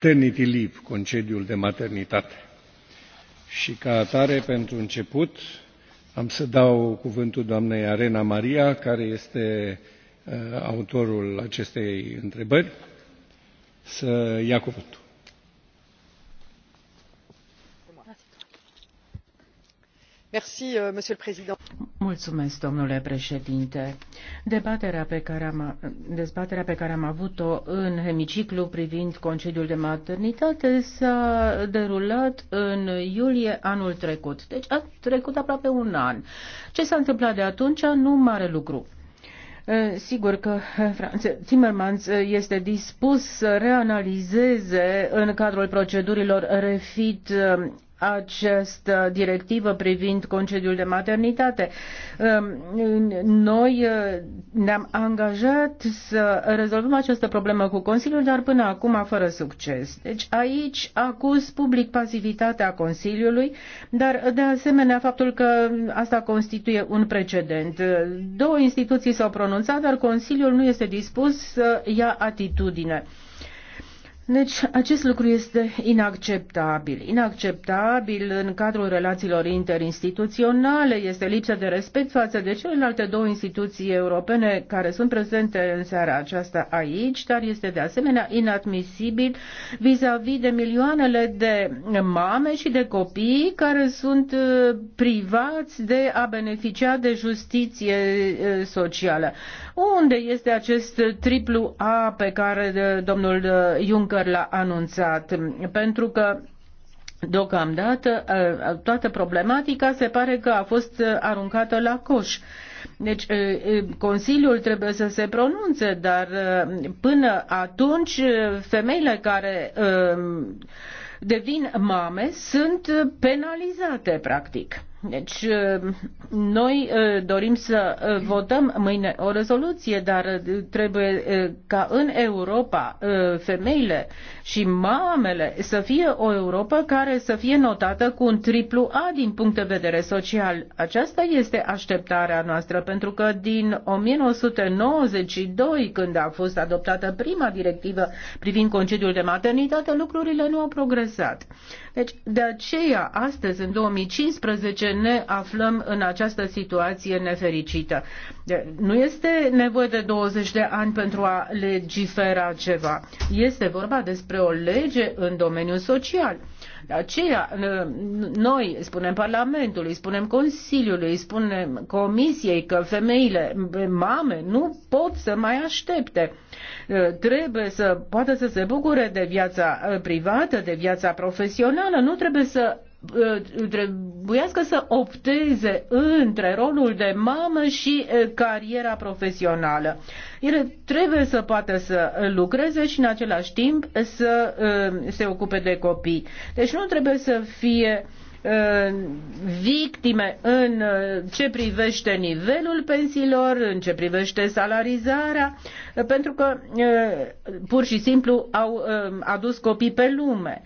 maternity leave, concediul de maternitate. Și ca atare, pentru început, am să dau cuvântul doamnei Arena Maria, care este uh, autorul acestei întrebări, să ia cuvântul. Euh, Mulțumesc, domnule președinte. dezbaterea pe care am avut-o în hemiciclu privind concediul de maternitate s-a derulat în iulie anul trecut. Deci a trecut aproape un an. Ce s-a întâmplat de atunci? Nu mare lucru. Eh, sigur că eh, Franz Timmermans eh, este dispus să reanalizeze în cadrul procedurilor refit această directivă privind concediul de maternitate. Noi uh, ne-am angajat să rezolvăm această problemă cu Consiliul, dar până acum fără succes. Deci aici acuz public pasivitatea Consiliului, dar de asemenea faptul că asta constituie un precedent. Două instituții s-au pronunțat, dar Consiliul nu este dispus să ia atitudine. Deci, acest lucru este inacceptabil. Inacceptabil în cadrul relațiilor interinstituționale, este lipsă de respect față de celelalte două instituții europene care sunt prezente în seara aceasta aici, dar este de asemenea inadmisibil vis-a-vis -vis de milioanele de mame și de copii care sunt uh, privați de a beneficia de justiție uh, socială. Unde este acest triplu A pe care uh, domnul Juncker Juncker l-a anunțat, pentru că Deocamdată uh, toată problematica se pare că a fost uh, aruncată la coș. Deci uh, Consiliul trebuie să se pronunțe, dar până atunci femeile care devin mame sunt penalizate practic. Deci, ă, noi ă, dorim să ă, votăm mâine o rezoluție, dar trebuie ca în Europa femeile și mamele să fie o Europa care să fie notată cu un triplu A din punct de vedere social. Aceasta este așteptarea noastră, pentru că din 1992, când a fost adoptată prima directivă privind concediul de maternitate, lucrurile nu au progresat. Deci, de aceea, astăzi, în 2015, ne aflăm în această situație nefericită. Nu este nevoie de 20 de ani pentru a legifera ceva. Este vorba despre o lege în domeniul social. De aceea, noi spunem Parlamentului, spunem Consiliului, spunem Comisiei că femeile, mame, nu pot să mai aștepte. Trebuie să poată să se bucure de viața privată, de viața profesională, nu trebuie să Uh, trebuiască să opteze între rolul de mamă și uh, cariera profesională. Ele trebuie să poată să lucreze și în același timp să uh, se ocupe de copii. Deci nu trebuie să fie uh, Uh, victime în uh, ce privește nivelul pensiilor, în ce privește salarizarea, uh, pentru că pur și simplu au adus copii pe lume.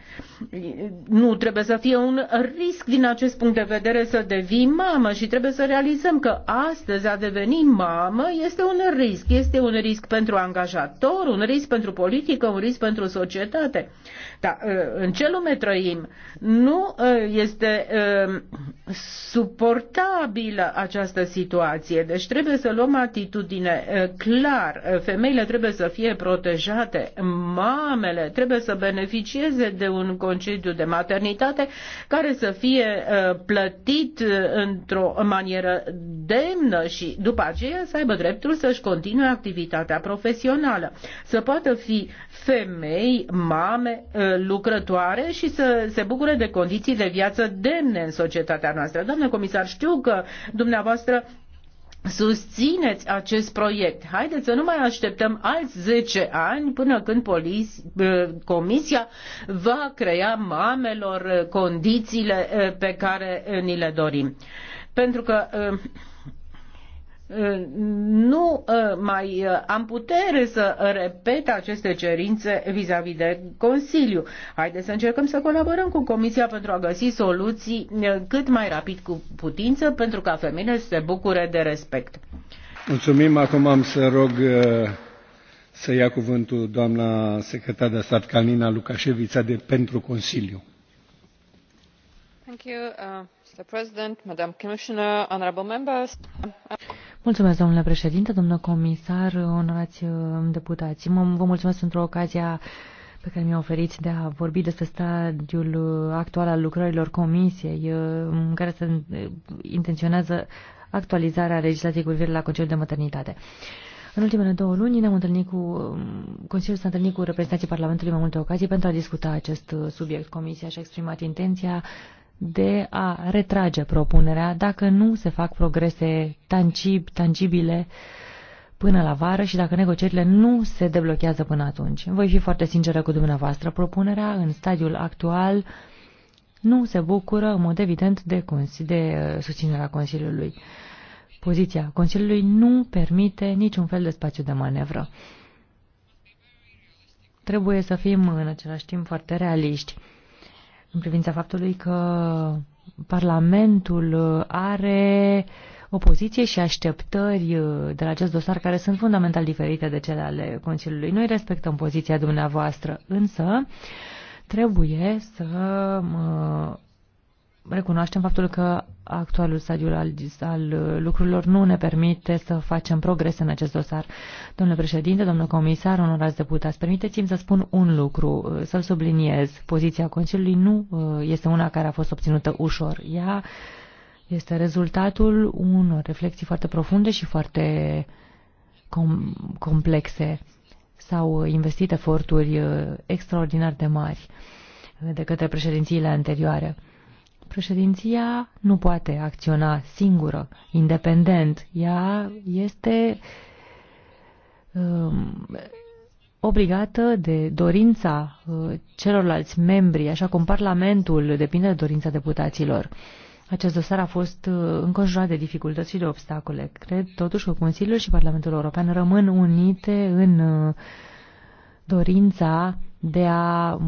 Nu trebuie să fie un risc din acest punct de vedere să devii mamă și trebuie să realizăm că astăzi a deveni mamă este un risc. Este un risc pentru angajator, un risc pentru politică, un risc pentru societate. Dar în ce lume trăim? Nu este este um, suportabilă această situație. Deci trebuie să luăm atitudine uh, clar. Femeile trebuie să fie protejate, mamele trebuie să beneficieze de un concediu de maternitate care să fie uh, plătit uh, într-o manieră demnă și după aceea să aibă dreptul să-și continue activitatea profesională. Să poată fi femei, mame ă, lucrătoare și să se bucure de condiții de viață demne în societatea noastră. Doamne comisar, știu că dumneavoastră Susțineți acest proiect. Haideți să nu mai așteptăm alți 10 ani până când polis, ă, Comisia va crea mamelor condițiile ă, pe care ni le dorim. Pentru că nu uh, mai uh, am putere să repet aceste cerințe vis-a-vis -vis de Consiliu. Haideți să încercăm să colaborăm cu Comisia pentru a găsi soluții uh, cât mai rapid cu putință pentru ca femeile să se bucure de respect. Mulțumim. Acum am să rog să ia cuvântul doamna secretar de stat Calina Lucașevița de pentru Consiliu. Thank you, uh, Mr. President, Madam Commissioner, honorable members. Mulțumesc, domnule președinte, domnule comisar, onorați uh, deputați. Vă mulțumesc pentru ocazia pe care mi-a oferit de a vorbi despre stadiul uh, actual al lucrărilor comisiei, uh, în care se intenționează actualizarea legislației cu privire la concediul de maternitate. În ultimele două luni ne-am întâlnit cu um, Consiliul s-a întâlnit cu reprezentanții Parlamentului mai multe ocazii pentru a discuta acest subiect. Comisia și-a exprimat intenția de a retrage propunerea dacă nu se fac progrese tangib, tangibile până la vară și dacă negocierile nu se deblochează până atunci. Voi fi foarte sinceră cu dumneavoastră, propunerea în stadiul actual nu se bucură, în mod evident, de, de uh, susținerea Consiliului. Poziția Consiliului nu permite niciun fel de spațiu de manevră. Trebuie să fim în același timp foarte realiști în privința faptului că Parlamentul uh, are o poziție și așteptări uh, de la acest dosar care sunt fundamental diferite de cele ale Consiliului. Noi respectăm poziția dumneavoastră, însă trebuie să recunoaștem faptul că actualul stadiu al, al lucrurilor nu ne permite să facem progres în acest dosar. Domnule președinte, domnule comisar, onorați deputați, permiteți-mi să spun un lucru, să-l subliniez. Poziția Consiliului nu uh, este una care a fost obținută ușor. Ea este rezultatul unor reflexii foarte profunde și foarte com complexe. S-au investit eforturi uh, extraordinar de mari de către președințiile anterioare președinția nu poate acționa singură, independent. Ea este um, obligată de dorința uh, celorlalți membri, așa cum Parlamentul depinde de dorința deputaților. Acest dosar a fost uh, înconjurat de dificultăți și de obstacole. Cred totuși că Consiliul și Parlamentul European rămân unite în uh, dorința de a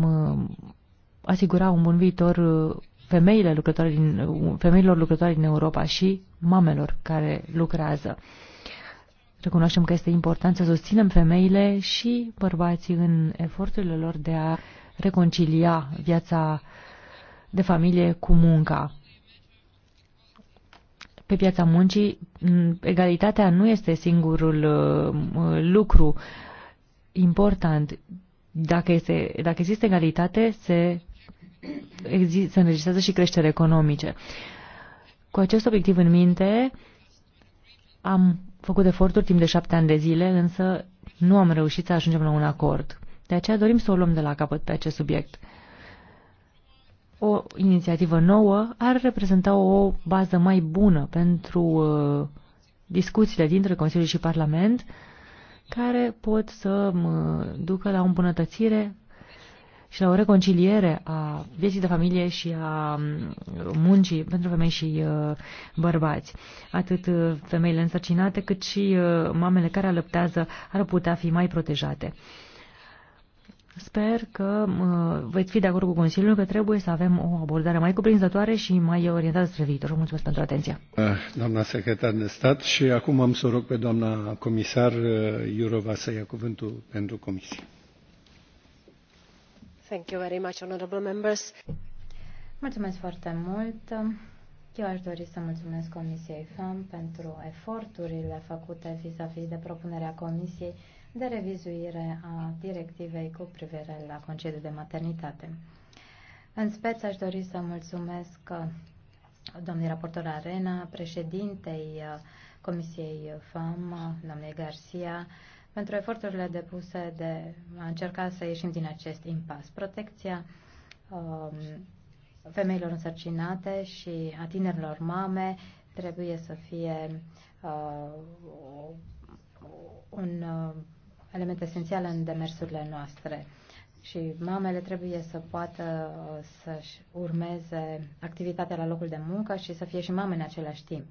asigura un bun viitor uh, femeile lucrătoare din, femeilor lucrătoare din Europa și mamelor care lucrează. Recunoaștem că este important să susținem femeile și bărbații în eforturile lor de a reconcilia viața de familie cu munca. Pe piața muncii, egalitatea nu este singurul uh, lucru important. Dacă, este, dacă există egalitate, se se înregistrează și creștere economice. Cu acest obiectiv în minte, am făcut eforturi timp de șapte ani de zile, însă nu am reușit să ajungem la un acord. De aceea dorim să o luăm de la capăt pe acest subiect. O inițiativă nouă ar reprezenta o bază mai bună pentru uh, discuțiile dintre Consiliu și Parlament, care pot să uh, ducă la o îmbunătățire și la o reconciliere a vieții de familie și a mm, muncii pentru femei și uh, bărbați. Atât uh, femeile însărcinate cât și uh, mamele care alăptează ar putea fi mai protejate. Sper că uh, veți fi de acord cu Consiliul că trebuie să avem o abordare mai cuprinzătoare și mai orientată spre viitor. Vă mulțumesc pentru atenție. Doamna secretar de stat și acum am să rog pe doamna comisar Iurova să ia cuvântul pentru comisie. Thank you very much, honorable members. Mulțumesc foarte mult. Eu aș dori să mulțumesc Comisiei FAM pentru eforturile făcute vis-a-vis de propunerea Comisiei de revizuire a directivei cu privire la concediu de maternitate. În speț aș dori să mulțumesc uh, domnului raportor Arena, președintei uh, Comisiei FAM, uh, doamnei Garcia, pentru eforturile depuse de a încerca să ieșim din acest impas. Protecția um, femeilor însărcinate și a tinerilor mame trebuie să fie uh, un uh, element esențial în demersurile noastre. Și mamele trebuie să poată uh, să-și urmeze activitatea la locul de muncă și să fie și mame în același timp.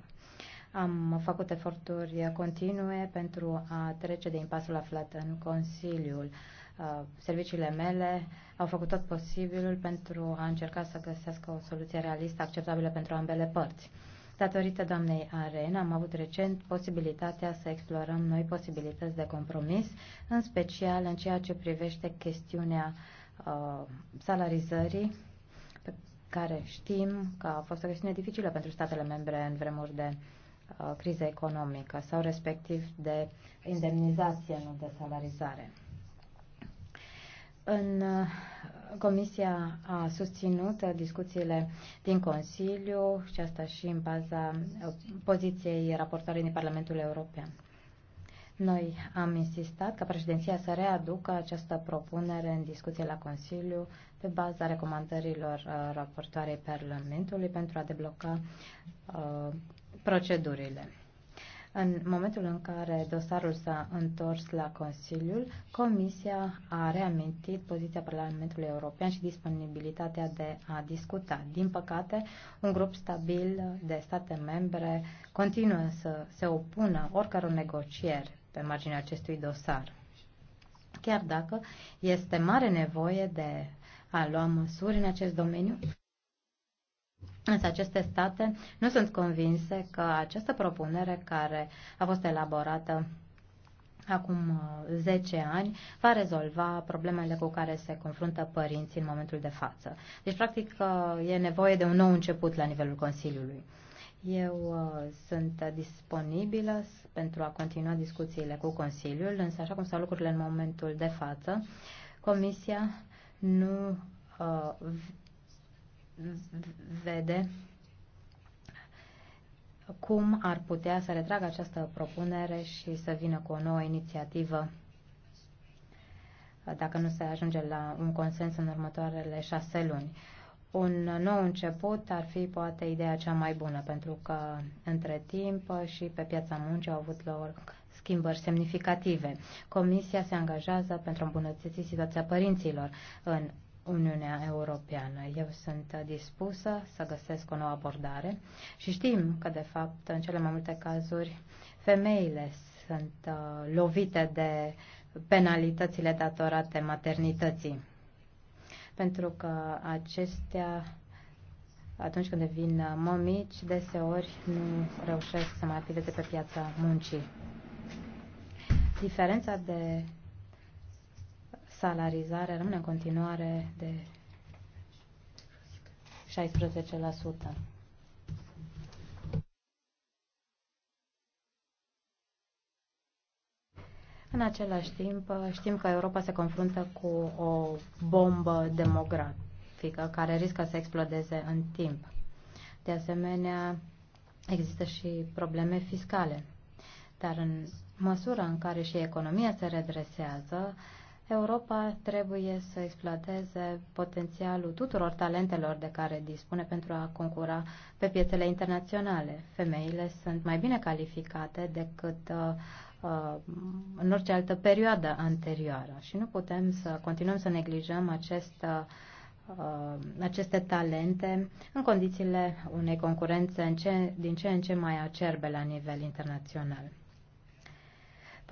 Am făcut eforturi continue pentru a trece de impasul aflat în Consiliul. Uh, serviciile mele au făcut tot posibilul pentru a încerca să găsească o soluție realistă acceptabilă pentru ambele părți. Datorită doamnei Aren, am avut recent posibilitatea să explorăm noi posibilități de compromis, în special în ceea ce privește chestiunea uh, salarizării, pe care știm că a fost o chestiune dificilă pentru statele membre în vremuri de uh, Uh, criza economică sau respectiv de indemnizație, nu de salarizare. În uh, Comisia a susținut uh, discuțiile din Consiliu și asta și în baza poziției raportoarei din Parlamentul European. Noi am insistat ca președinția să readucă această propunere în discuție la Consiliu pe baza recomandărilor raportoarei Parlamentului pentru a debloca procedurile. În momentul în care dosarul s-a întors la Consiliul, Comisia a reamintit poziția Parlamentului European și disponibilitatea de a discuta. Din păcate, un grup stabil de state membre continuă să se opună oricăror negocieri pe marginea acestui dosar. Chiar dacă este mare nevoie de a lua măsuri în acest domeniu, Însă aceste state nu sunt convinse că această propunere care a fost elaborată acum 10 uh, ani, va rezolva problemele cu care se confruntă părinții în momentul de față. Deci, practic, uh, e nevoie de un nou început la nivelul Consiliului. Eu uh, sunt disponibilă pentru a continua discuțiile cu Consiliul, însă, așa cum stau lucrurile în momentul de față, Comisia nu vede cum ar putea să retragă această propunere și să vină cu o nouă inițiativă dacă nu se ajunge la un consens în următoarele șase luni. Un nou început ar fi poate ideea cea mai bună, pentru că între timp și pe piața muncii au avut loc schimbări semnificative. Comisia se angajează pentru a îmbunătăți situația părinților în Uniunea Europeană. Eu sunt dispusă să găsesc o nouă abordare și știm că, de fapt, în cele mai multe cazuri, femeile sunt uh, lovite de penalitățile datorate maternității. Pentru că acestea, atunci când devin mămici, deseori nu reușesc să mai apideze pe piața muncii. Diferența de salarizare rămâne în continuare de 16%. În același timp, știm că Europa se confruntă cu o bombă demografică care riscă să explodeze în timp. De asemenea, există și probleme fiscale. Dar în măsura în care și economia se redresează, Europa trebuie să exploateze potențialul tuturor talentelor de care dispune pentru a concura pe piețele internaționale. Femeile sunt mai bine calificate decât uh, uh în orice altă perioadă anterioară și nu putem să continuăm să neglijăm acest, uh, uh, aceste talente în condițiile unei concurențe în ce, din ce în ce mai acerbe la nivel internațional.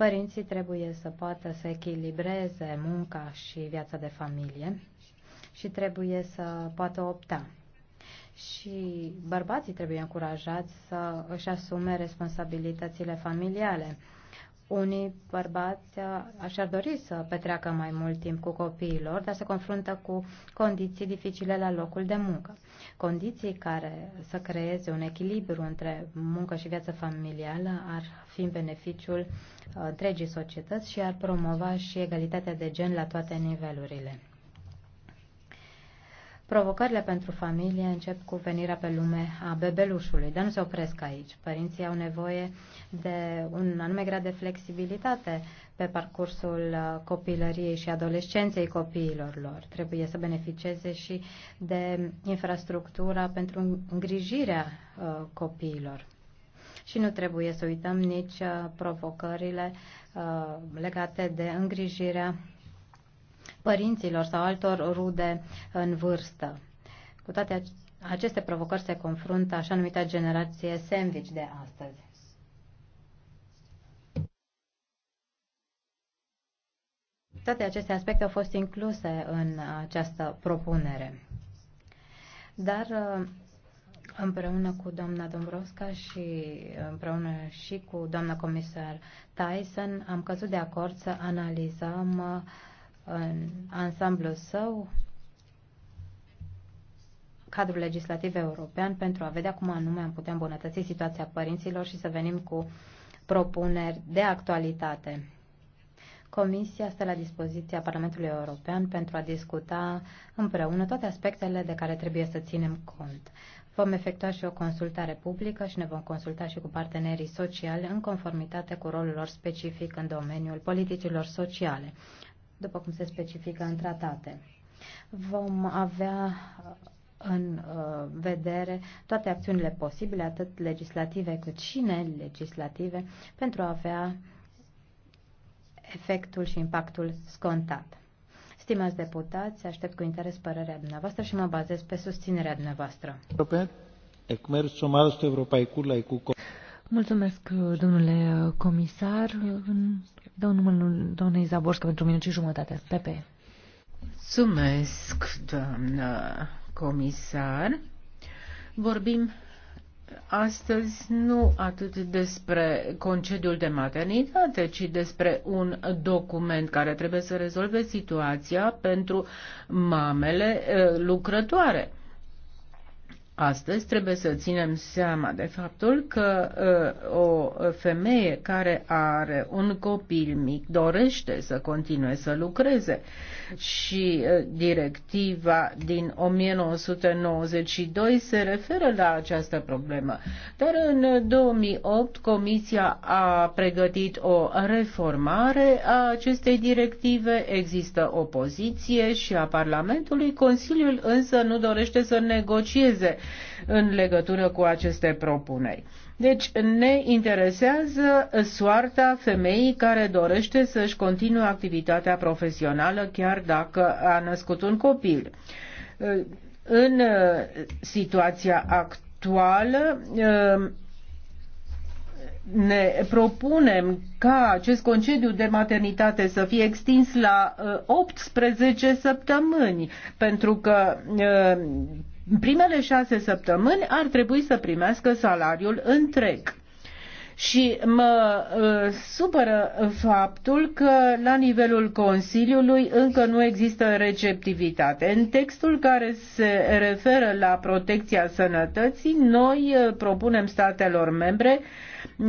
Părinții trebuie să poată să echilibreze munca și viața de familie și trebuie să poată opta. Și bărbații trebuie încurajați să își asume responsabilitățile familiale. Unii bărbați așa ar dori să petreacă mai mult timp cu copiilor, dar se confruntă cu condiții dificile la locul de muncă. Condiții care să creeze un echilibru între muncă și viață familială ar fi în beneficiul întregii societăți și ar promova și egalitatea de gen la toate nivelurile. Provocările pentru familie încep cu venirea pe lume a bebelușului, dar nu se opresc aici. Părinții au nevoie de un anume grad de flexibilitate pe parcursul uh, copilăriei și adolescenței copiilor lor. Trebuie să beneficieze și de infrastructura pentru îngrijirea uh, copiilor. Și nu trebuie să uităm nici uh, provocările legate de îngrijirea părinților sau altor rude în vârstă. Cu toate aceste provocări se confruntă așa numita generație sandwich de astăzi. Toate aceste aspecte au fost incluse în această propunere. Dar uh, împreună cu doamna Dombrovska și uh, împreună și cu doamna comisar Tyson am căzut de acord să analizăm uh, în ansamblu său cadrul legislativ european pentru a vedea cum anume am putea îmbunătăți situația părinților și să venim cu propuneri de actualitate. Comisia stă la dispoziția Parlamentului European pentru a discuta împreună toate aspectele de care trebuie să ținem cont. Vom efectua și o consultare publică și ne vom consulta și cu partenerii sociali în conformitate cu rolul lor specific în domeniul politicilor sociale după cum se specifică în tratate. Vom avea uh, în uh, vedere toate acțiunile posibile, atât legislative cât și nelegislative, pentru a avea efectul și impactul scontat. Stimați deputați, aștept cu interes părerea dumneavoastră și mă bazez pe susținerea dumneavoastră. Mulțumesc, domnule comisar. În Dau numărul doamnei Zaborscă pentru minut și jumătate. Pepe. Mulțumesc, doamnă comisar. Vorbim astăzi nu atât despre concediul de maternitate, ci despre un document care trebuie să rezolve situația pentru mamele eh, lucrătoare. Astăzi trebuie să ținem seama de faptul că uh, o femeie care are un copil mic dorește să continue să lucreze și uh, directiva din 1992 se referă la această problemă. Dar în 2008 Comisia a pregătit o reformare a acestei directive, există opoziție și a Parlamentului, Consiliul însă nu dorește să negocieze în legătură cu aceste propuneri. Deci ne interesează soarta femeii care dorește să-și continue activitatea profesională chiar dacă a născut un copil. În uh, situația actuală uh, ne propunem ca acest concediu de maternitate să fie extins la 18 uh, săptămâni, pentru că primele șase săptămâni ar trebui să primească salariul întreg. Și mă uh, supără faptul că la nivelul Consiliului încă nu există receptivitate. În textul care se referă la protecția sănătății, noi uh, propunem statelor membre uh,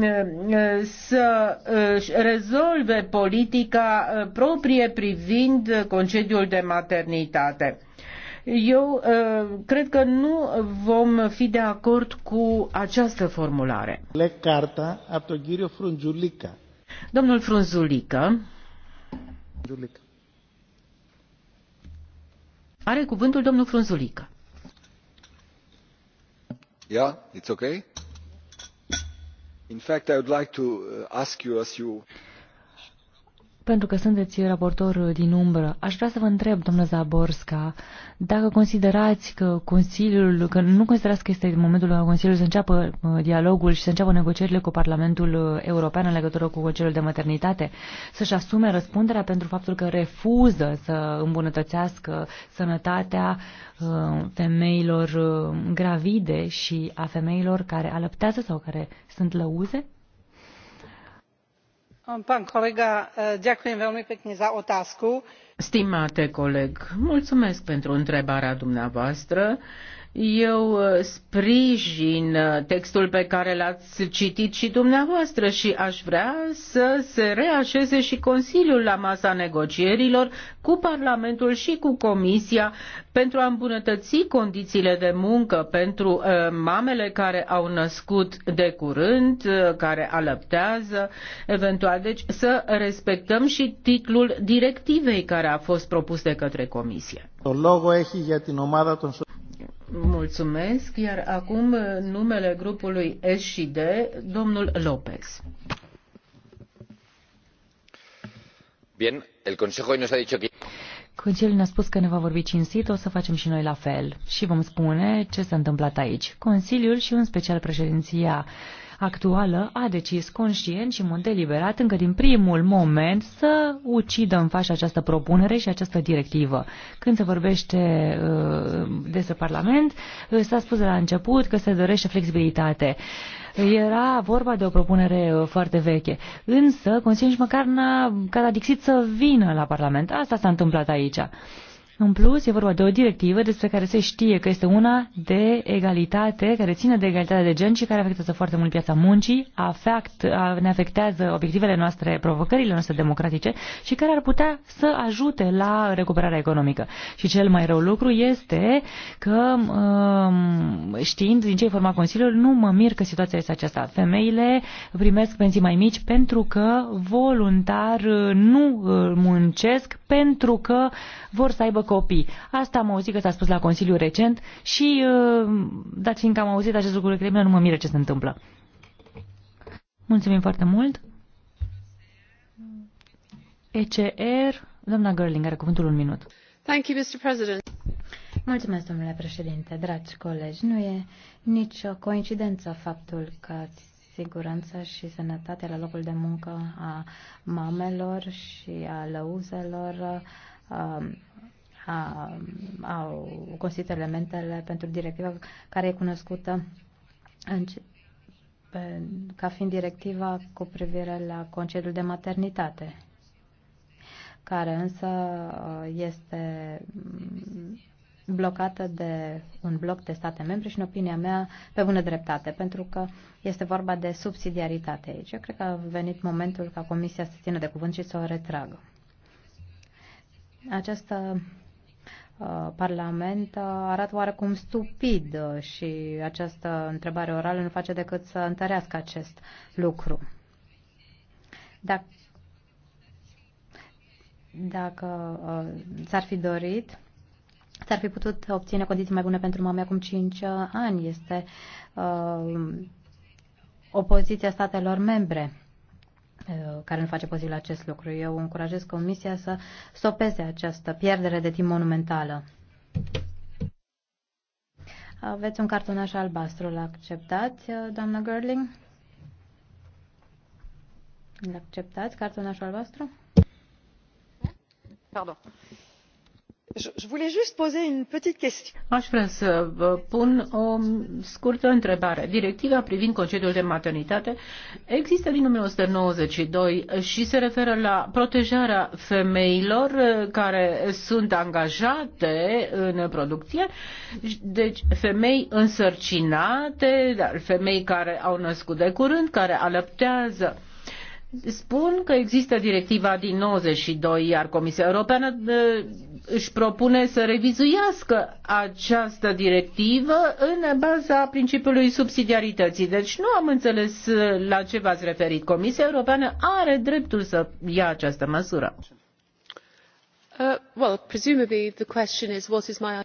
uh să uh, rezolve politica uh, proprie privind concediul de maternitate eu uh, cred că nu vom fi de acord cu această formulare. Le carta aptogirio Frunzulica. Domnul Frunzulica. Frunzulica. Are cuvântul domnul Frunzulica. Yeah, it's okay. In fact, I would like to uh, ask you as you pentru că sunteți raportor din umbră, aș vrea să vă întreb, domnule Zaborska, dacă considerați că Consiliul, că nu considerați că este momentul care Consiliul să înceapă uh, dialogul și să înceapă negocierile cu Parlamentul uh, European în legătură cu Consiliul de Maternitate, să-și asume răspunderea pentru faptul că refuză să îmbunătățească sănătatea uh, femeilor gravide și a femeilor care alăptează sau care sunt lăuze? pán kolega ďakujem veľmi pekne za otázku. stimate coleg mulțumesc pentru întrebarea dumneavoastră. Eu uh, sprijin uh, textul pe care l-ați citit și dumneavoastră și aș vrea să se reașeze și Consiliul la masa negocierilor cu Parlamentul și cu Comisia pentru a îmbunătăți condițiile de muncă pentru uh, mamele care au născut de curând, care alăptează eventual. Deci să respectăm și titlul directivei care a fost propus de către Comisie. Mulțumesc, iar acum numele grupului S și D, domnul Lopez. Bien, el Consejo nos ha dicho que... Consiliul ne-a spus că ne va vorbi cinstit, o să facem și noi la fel și vom spune ce s-a întâmplat aici. Consiliul și în special președinția actuală a decis conștient și mult deliberat încă din primul moment să ucidă în fața această propunere și această directivă. Când se vorbește uh, despre Parlament, uh, s-a spus de la început că se dorește flexibilitate. Era vorba de o propunere uh, foarte veche, însă Consiliul nici măcar n-a cadadixit să vină la Parlament. Asta s-a întâmplat aici. În plus, e vorba de o directivă despre care se știe că este una de egalitate, care ține de egalitatea de gen și care afectează foarte mult piața muncii, afect, ne afectează obiectivele noastre, provocările noastre democratice și care ar putea să ajute la recuperarea economică. Și cel mai rău lucru este că, um, știind din ce forma Consiliul, nu mă mir că situația este aceasta. Femeile primesc pensii mai mici pentru că voluntar nu uh, muncesc, pentru că vor să aibă copii. Asta am auzit că s-a spus la Consiliu recent și, uh, dat fiindcă am auzit acest lucru că nu mă mire ce se întâmplă. Mulțumim foarte mult. ECR, doamna Gerling, are cuvântul un minut. Thank you, Mr. President. Mulțumesc, domnule președinte, dragi colegi. Nu e nicio coincidență faptul că siguranța și sănătatea la locul de muncă a mamelor și a lăuzelor um, a, au găsit elementele pentru directiva care e cunoscută în, pe, ca fiind directiva cu privire la concediul de maternitate, care însă este blocată de un bloc de state membre și, în opinia mea, pe bună dreptate, pentru că este vorba de subsidiaritate aici. Eu cred că a venit momentul ca Comisia să țină de cuvânt și să o retragă. Această Uh, Parlament uh, arată oarecum stupid uh, și această întrebare orală nu face decât să întărească acest lucru. Da. Dacă, dacă s-ar fi dorit, s-ar fi putut obține condiții mai bune pentru mame acum 5 ani. Este uh, opoziția statelor membre Uh, care nu face posibil acest lucru. Eu încurajez Comisia să stopeze această pierdere de timp monumentală. Aveți un cartonaș albastru, l-acceptați, uh, doamna Gerling? L-acceptați, cartonașul albastru? Pardon. Aș vrea să vă pun o scurtă întrebare. Directiva privind concediul de maternitate există din 1992 și se referă la protejarea femeilor care sunt angajate în producție, deci femei însărcinate, femei care au născut de curând, care alăptează Spun că există directiva din 92, iar Comisia Europeană își propune să revizuiască această directivă în baza principiului subsidiarității. Deci nu am înțeles uh, la ce v-ați referit. Comisia Europeană are dreptul să ia această măsură. Uh, well, presumably the question is what is my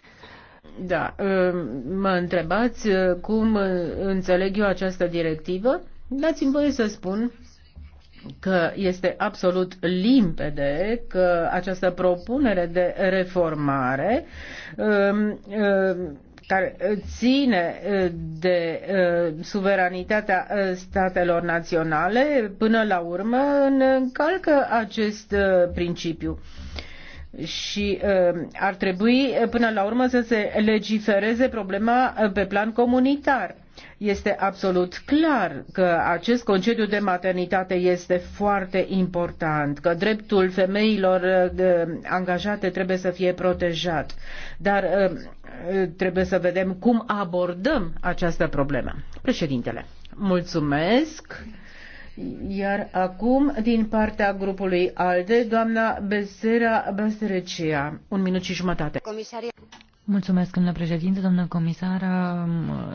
da, uh, mă întrebați uh, cum înțeleg eu această directivă? Dați-mi voie să spun că este absolut limpede că această propunere de reformare um, um, care ține de uh, suveranitatea uh, statelor naționale, până la urmă încalcă acest uh, principiu și um, ar trebui până la urmă să se legifereze problema pe plan comunitar este absolut clar că acest concediu de maternitate este foarte important, că dreptul femeilor uh, angajate trebuie să fie protejat, dar uh, uh, trebuie să vedem cum abordăm această problemă. Președintele, mulțumesc. Iar acum, din partea grupului ALDE, doamna Besera Basterecea. Un minut și jumătate. Comisaria. Mulțumesc, domnule președinte, domnule comisar,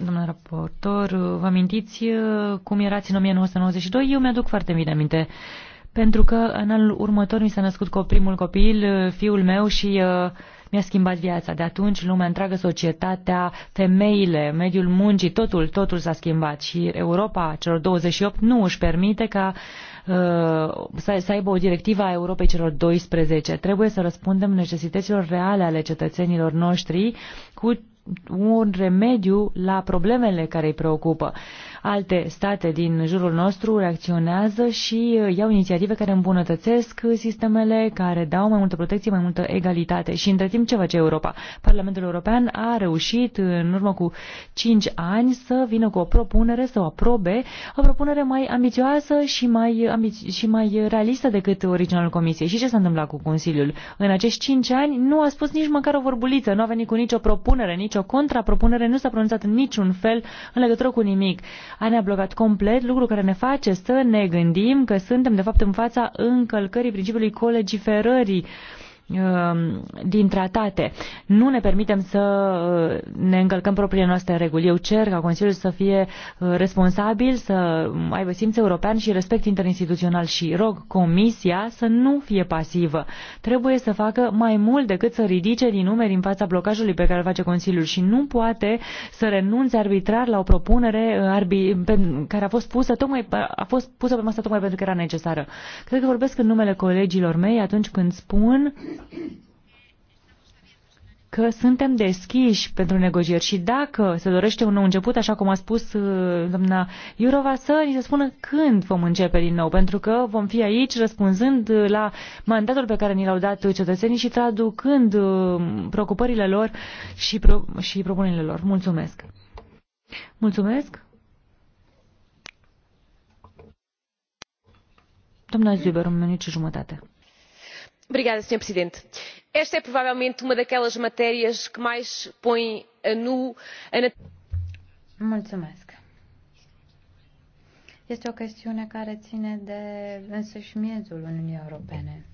domnule raportor. Vă amintiți uh, cum erați în 1992? Eu mi-aduc foarte bine aminte pentru că în anul următor mi s-a născut cu primul copil, uh, fiul meu, și uh, mi-a schimbat viața. De atunci, lumea întreagă, societatea, femeile, mediul muncii, totul, totul s-a schimbat și Europa celor 28 nu își permite ca uh, Uh, să aibă o directivă a Europei celor 12. Trebuie să răspundem necesităților reale ale cetățenilor noștri cu un remediu la problemele care îi preocupă. Uh, Alte state din jurul nostru reacționează și uh, iau inițiative care îmbunătățesc sistemele, care dau mai multă protecție, mai multă egalitate. Și între timp ce face Europa? Parlamentul European a reușit uh, în urmă cu 5 ani să vină cu o propunere, să o aprobe, o propunere mai ambițioasă și mai, ambici- și mai realistă decât originalul Comisiei. Și ce s-a întâmplat cu Consiliul? În acești 5 ani nu a spus nici măcar o vorbuliță, nu a venit cu nicio propunere, nicio contrapropunere, nu s-a pronunțat în niciun fel în legătură cu nimic a ne-a blocat complet, lucru care ne face să ne gândim că suntem de fapt în fața încălcării principiului colegiferării Um, din tratate. Nu ne permitem să uh, ne încălcăm propriile noastre reguli. Eu cer ca Consiliul să fie uh, responsabil, să aibă simț european și respect interinstituțional și rog Comisia să nu fie pasivă. Trebuie să facă mai mult decât să ridice din numeri în fața blocajului pe care îl face Consiliul și nu poate să renunțe arbitrar la o propunere uh, arbi, pe, care a fost pusă tocmai a fost pusă pe masă tocmai pentru că era necesară. Cred că vorbesc în numele colegilor mei atunci când spun că suntem deschiși pentru negocieri și dacă se dorește un nou început, așa cum a spus uh, doamna Iurova, să ni se spună când vom începe din nou, pentru că vom fi aici răspunzând uh, la mandatul pe care ni l-au dat cetățenii și traducând uh, preocupările lor și, pro- și propunerile lor. Mulțumesc! Mulțumesc! Doamna Zuber, un minut și jumătate senhor presidente esta é provavelmente uma daquelas matérias que mais põe a nu a Mulțumesc. Este o chestiune care ține de însăși miezul Uniunii Europene.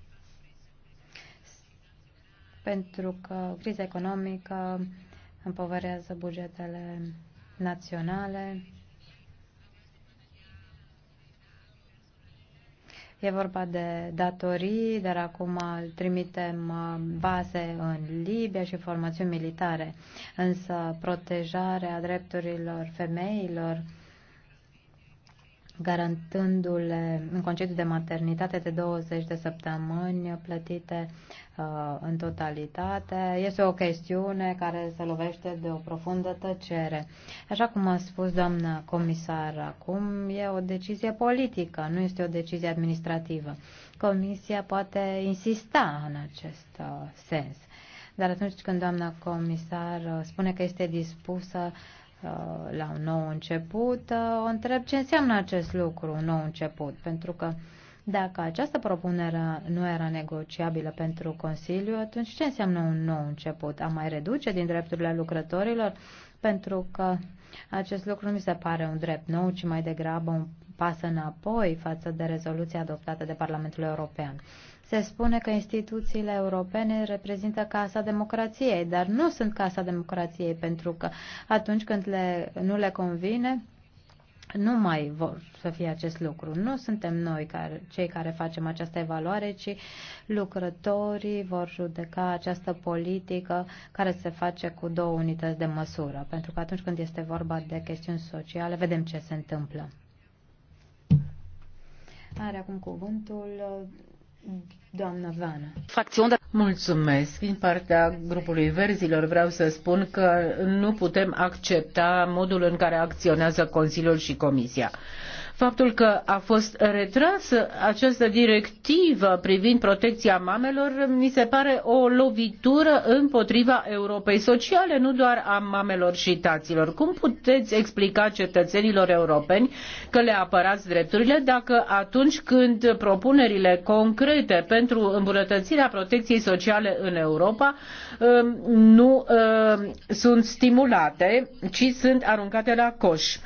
Pentru că criza economică împoverează bugetele naționale, E vorba de datorii, dar acum trimitem uh, baze în Libia și formațiuni militare. Însă protejarea drepturilor femeilor garantându-le în concediu de maternitate de 20 de săptămâni plătite uh, în totalitate. Este o chestiune care se lovește de o profundă tăcere. Așa cum a spus doamna comisar acum, e o decizie politică, nu este o decizie administrativă. Comisia poate insista în acest uh, sens. Dar atunci când doamna comisar uh, spune că este dispusă Uh, la un nou început, uh, o întreb ce înseamnă acest lucru, un nou început, pentru că dacă această propunere nu era negociabilă pentru Consiliu, atunci ce înseamnă un nou început? A mai reduce din drepturile lucrătorilor? Pentru că acest lucru nu mi se pare un drept nou, ci mai degrabă un pas înapoi față de rezoluția adoptată de Parlamentul European. Se spune că instituțiile europene reprezintă casa democrației, dar nu sunt casa democrației, pentru că atunci când le, nu le convine, nu mai vor să fie acest lucru. Nu suntem noi care, cei care facem această evaluare, ci lucrătorii vor judeca această politică care se face cu două unități de măsură. Pentru că atunci când este vorba de chestiuni sociale, vedem ce se întâmplă. Are acum cuvântul Doamna Fracțiune. Mulțumesc. Din partea grupului Verzilor vreau să spun că nu putem accepta modul în care acționează Consiliul și Comisia faptul că a fost retrasă această directivă privind protecția mamelor mi se pare o lovitură împotriva Europei sociale, nu doar a mamelor și taților. Cum puteți explica cetățenilor europeni că le apărați drepturile dacă atunci când propunerile concrete pentru îmbunătățirea protecției sociale în Europa um, nu um, sunt stimulate, ci sunt aruncate la coș?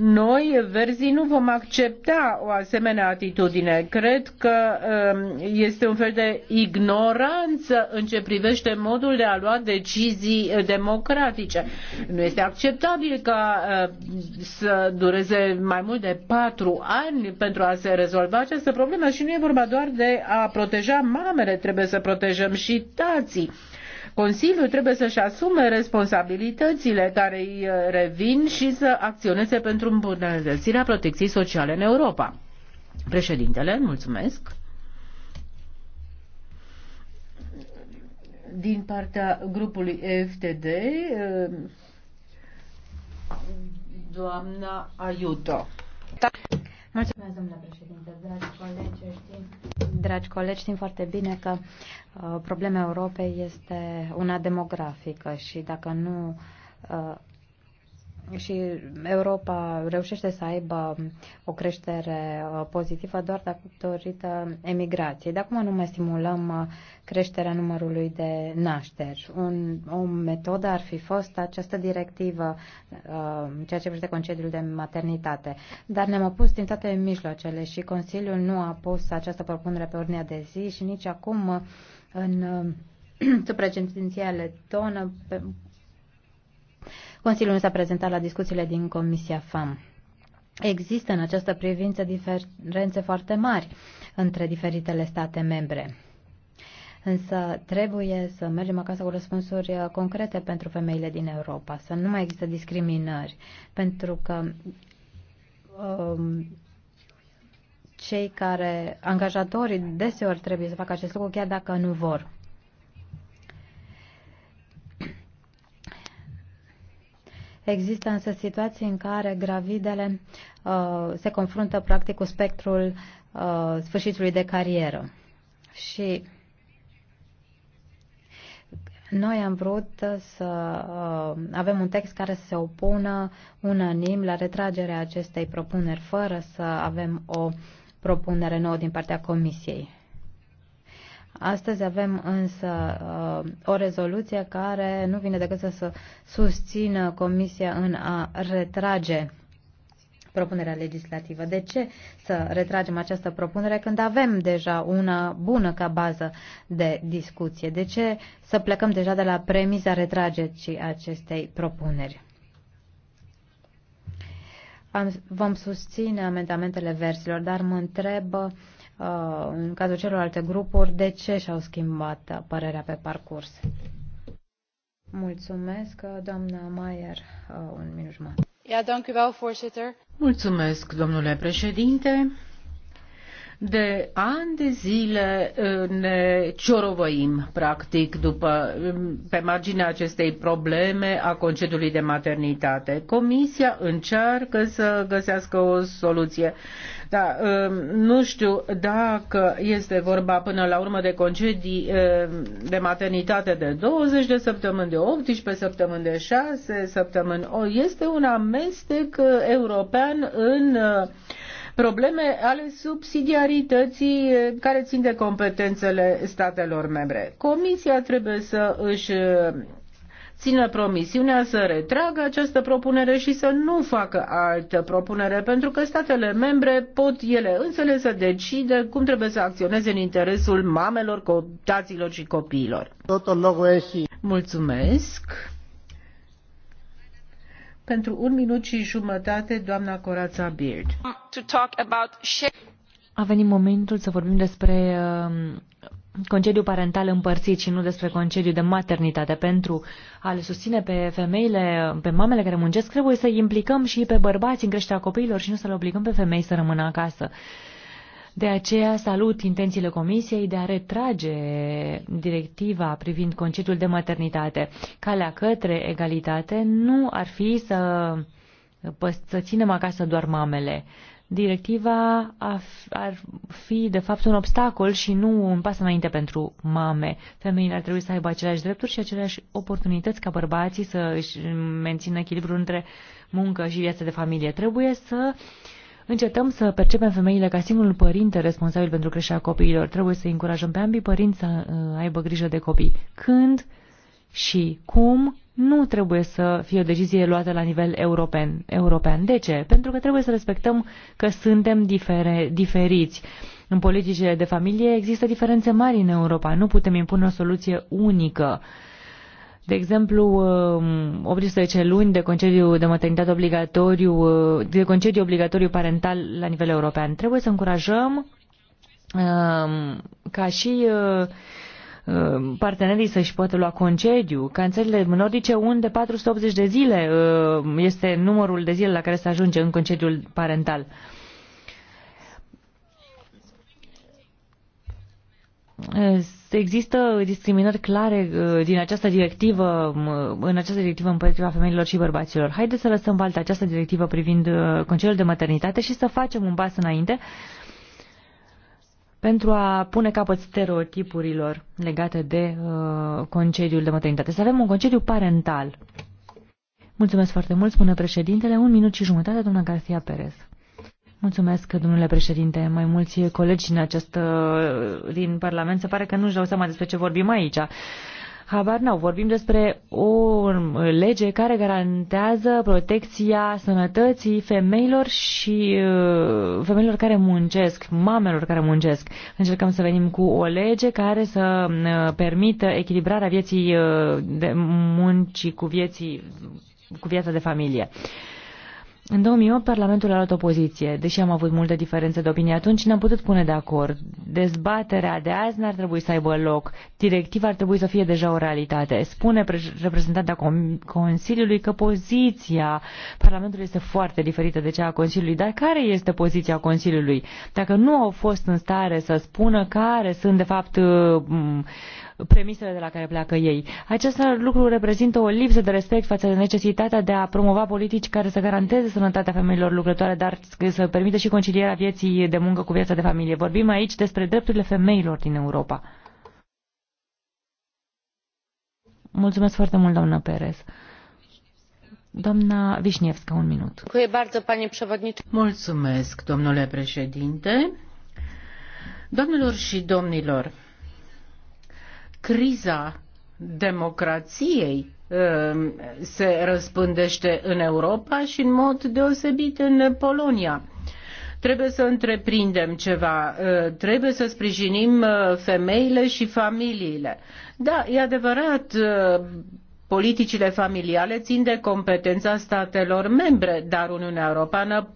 Noi, verzii, nu vom accepta o asemenea atitudine. Cred că um, este un fel de ignoranță în ce privește modul de a lua decizii democratice. Nu este acceptabil ca uh, să dureze mai mult de patru ani pentru a se rezolva această problemă și nu e vorba doar de a proteja mamele, trebuie să protejăm și tații Consiliul trebuie să-și asume responsabilitățile care îi uh, revin și să acționeze pentru îmbunătățirea protecției sociale în Europa. Președintele, mulțumesc. Din partea grupului FTD, uh, doamna Aiuto. Mulțumesc, domnule președinte, dragi colegi, știm. Dragi colegi, știm foarte bine că uh, problema Europei este una demografică și dacă nu uh, și Europa reușește să aibă o creștere uh, pozitivă doar datorită emigrației. De acum nu mai stimulăm uh, creșterea numărului de nașteri. Un, o metodă ar fi fost această directivă uh, în ceea ce privește concediul de maternitate. Dar ne-am opus din toate mijloacele și Consiliul nu a pus această propunere pe ordinea de zi și nici acum în sub președinția letonă, Consiliul nu s-a prezentat la discuțiile din Comisia FAM. Există în această privință diferențe foarte mari între diferitele state membre. Însă trebuie să mergem acasă cu răspunsuri concrete pentru femeile din Europa, să nu mai există discriminări, pentru că um, cei care, angajatorii, deseori trebuie să facă acest lucru chiar dacă nu vor. Există însă situații în care gravidele uh, se confruntă practic cu spectrul uh, sfârșitului de carieră. Și noi am vrut să uh, avem un text care să se opună unanim la retragerea acestei propuneri, fără să avem o propunere nouă din partea Comisiei. Astăzi avem însă uh, o rezoluție care nu vine decât să susțină Comisia în a retrage propunerea legislativă. De ce să retragem această propunere când avem deja una bună ca bază de discuție? De ce să plecăm deja de la premiza retrageții acestei propuneri? Am, vom susține amendamentele versilor, dar mă întreb Uh, în cazul celorlalte grupuri, de ce și-au schimbat părerea pe parcurs. Mulțumesc, uh, doamna Maier, uh, un minut jumătate. Mulțumesc, domnule președinte. De ani de zile uh, ne ciorovăim, practic, după, um, pe marginea acestei probleme a concediului de maternitate. Comisia încearcă să găsească o soluție. Da, nu știu dacă este vorba până la urmă de concedii um, de maternitate de 20 de săptămâni, de 18 săptămâni, de 6 săptămâni. Este un amestec uh, european în uh, probleme ale subsidiarității eh, care țin de competențele statelor membre. Comisia trebuie să își eh, țină promisiunea să retragă această propunere și să nu facă altă propunere, pentru că statele membre pot ele însele să decide cum trebuie să acționeze în interesul mamelor, taților și copiilor. Mulțumesc! Pentru un minut și jumătate, doamna Corața Beard. A venit momentul să vorbim despre um, concediu parental împărțit și nu despre concediu de maternitate. Pentru a le susține pe femeile, pe mamele care muncesc, trebuie să implicăm și pe bărbați în creșterea copiilor și nu să le obligăm pe femei să rămână acasă. De aceea salut intențiile Comisiei de a retrage directiva privind concediul de maternitate. Calea către egalitate nu ar fi să, să ținem acasă doar mamele. Directiva ar fi, de fapt, un obstacol și nu un pas înainte pentru mame. Femeile ar trebui să aibă aceleași drepturi și aceleași oportunități ca bărbații să își mențină echilibrul între muncă și viața de familie. Trebuie să uh, Încetăm să percepem femeile ca singurul părinte responsabil pentru creșterea copiilor. Trebuie să încurajăm pe ambii părinți să uh, aibă grijă de copii. Când și cum nu trebuie să fie o decizie luată la nivel european. european. De ce? Pentru că trebuie să respectăm că suntem difere, diferiți. În politicile de familie există diferențe mari în Europa. Nu putem impune o soluție unică. Uh, de exemplu, 18 um, luni de concediu de maternitate obligatoriu, uh, de concediu obligatoriu parental la nivel european. Trebuie să încurajăm um, ca și uh, um, partenerii să-și poată lua concediu, ca în țările nordice unde 480 de zile uh, este numărul de zile la care se ajunge în concediul parental. Există discriminări clare uh, din această directivă, în această directivă împotriva femeilor și bărbaților. Haideți să lăsăm baltă această directivă privind uh, concediul de maternitate și să facem un pas înainte pentru a pune capăt stereotipurilor legate de uh, concediul de maternitate. Să avem un concediu parental. Mulțumesc foarte mult, spune președintele. Un minut și jumătate, doamna Garcia Perez. Mulțumesc, domnule președinte. Mai mulți colegi în acest, din Parlament se pare că nu-și dau seama despre ce vorbim aici. Habar n-au. Vorbim despre o lege care garantează protecția sănătății femeilor și uh, femeilor care muncesc, mamelor care muncesc. Încercăm să venim cu o lege care să uh, permită echilibrarea vieții uh, de muncii cu, vieții, cu viața de familie. Uh, în 2008, Parlamentul a luat opoziție, Deși am avut multe diferențe de opinie atunci, ne am putut pune de acord. Dezbaterea de azi n-ar trebui să aibă loc. Directiva ar trebui să fie deja o realitate. Spune reprezentanta Consiliului că poziția Parlamentului este foarte diferită de cea a Consiliului. Dar care este poziția Consiliului? Dacă nu au fost în stare să spună care sunt, de fapt, premisele de la care pleacă ei. Acest lucru reprezintă o lipsă de respect față de necesitatea de a promova politici care să garanteze sănătatea femeilor lucrătoare, dar să permită și concilierea vieții de muncă cu viața de familie. Vorbim aici despre drepturile femeilor din Europa. Mulțumesc foarte mult, doamnă Perez. Doamna Vișnievska, un minut. Mulțumesc, domnule președinte. Doamnelor și domnilor, criza democrației um, se răspândește în Europa și în mod deosebit în Polonia. Trebuie să întreprindem ceva, uh, trebuie să sprijinim uh, femeile și familiile. Da, e adevărat, uh, politicile familiale țin de competența statelor membre, dar Uniunea Europeană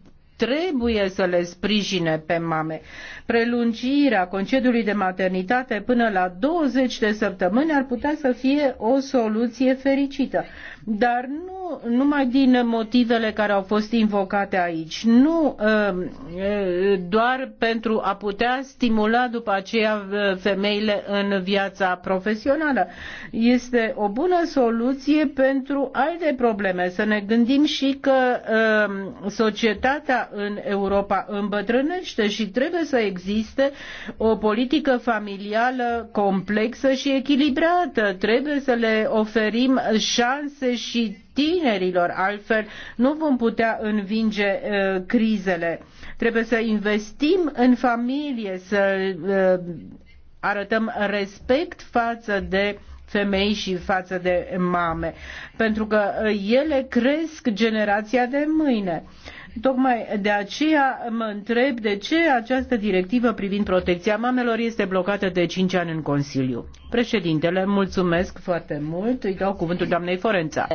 trebuie să le sprijine pe mame. Prelungirea concediului de maternitate până la 20 de săptămâni ar putea să fie o soluție fericită. Dar nu numai din motivele care au fost invocate aici, nu um, uh, doar pentru a putea stimula după aceea uh, femeile în viața profesională. Este o bună soluție pentru alte probleme. Să ne gândim și că um, societatea în Europa îmbătrânește și trebuie să existe o politică familială complexă și echilibrată. Trebuie să le oferim șanse și tinerilor, altfel nu vom putea învinge uh, crizele. Trebuie să investim în familie, să uh, arătăm respect față de femei și față de mame, pentru că uh, ele cresc generația de mâine. Uh, Tocmai de aceea mă întreb de ce această directivă privind protecția mamelor este blocată de 5 ani în Consiliu. Președintele, mulțumesc foarte mult. Îi dau cuvântul doamnei Forența.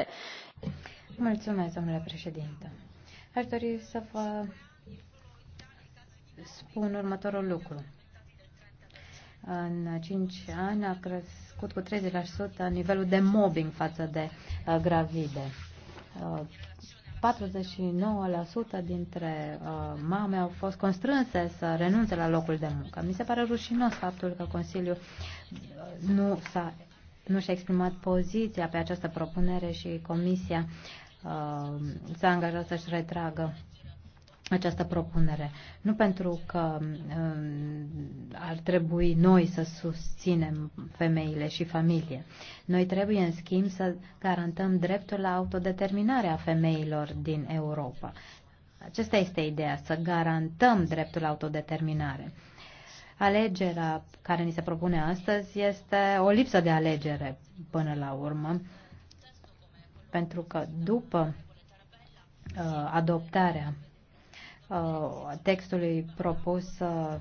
Mulțumesc, domnule președinte. Aș dori să vă spun următorul lucru. În 5 ani a crescut cu 30% nivelul de mobbing față de uh, gravide. Uh, 49% dintre uh, mame au fost constrânse să renunțe la locul de muncă. Mi se pare rușinos faptul că Consiliul uh, nu, s-a, nu și-a exprimat poziția pe această propunere și Comisia uh, s-a angajat să-și retragă această propunere. Nu pentru că um, ar trebui noi să susținem femeile și familie. Noi trebuie, în schimb, să garantăm dreptul la autodeterminare a femeilor din Europa. Acesta este ideea, să garantăm dreptul la autodeterminare. Alegerea care ni se propune astăzi este o lipsă de alegere până la urmă, pentru că după uh, adoptarea Uh, textului propus uh,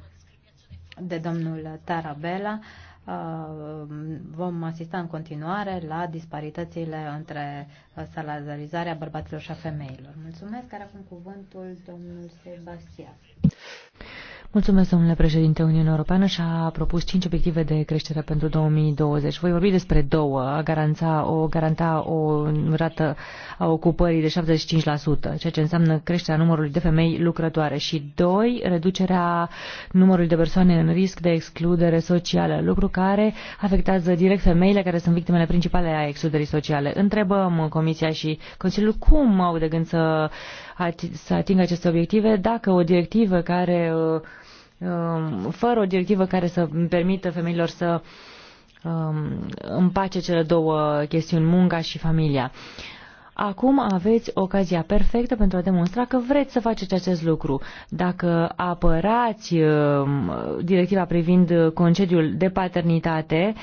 de domnul Tarabella, uh, vom asista în continuare la disparitățile între salarizarea bărbaților și a femeilor. Mulțumesc, care acum cuvântul domnul Sebastian. Mulțumesc, domnule președinte. Uniunea Europeană și-a propus cinci obiective de creștere pentru 2020. Voi vorbi despre două. A garanta o, garanta o rată a ocupării de 75%, ceea ce înseamnă creșterea numărului de femei lucrătoare. Și doi, reducerea numărului de persoane în risc de excludere socială, lucru care afectează direct femeile care sunt victimele principale a excluderii sociale. Întrebăm Comisia și Consiliul cum au de gând să să atingă aceste obiective dacă o directivă care, uh, um, fără o directivă care să permită femeilor să um, împace cele două chestiuni, munca și familia. Acum aveți ocazia perfectă pentru a demonstra că vreți să faceți acest lucru. Dacă apărați um, directiva privind concediul de paternitate,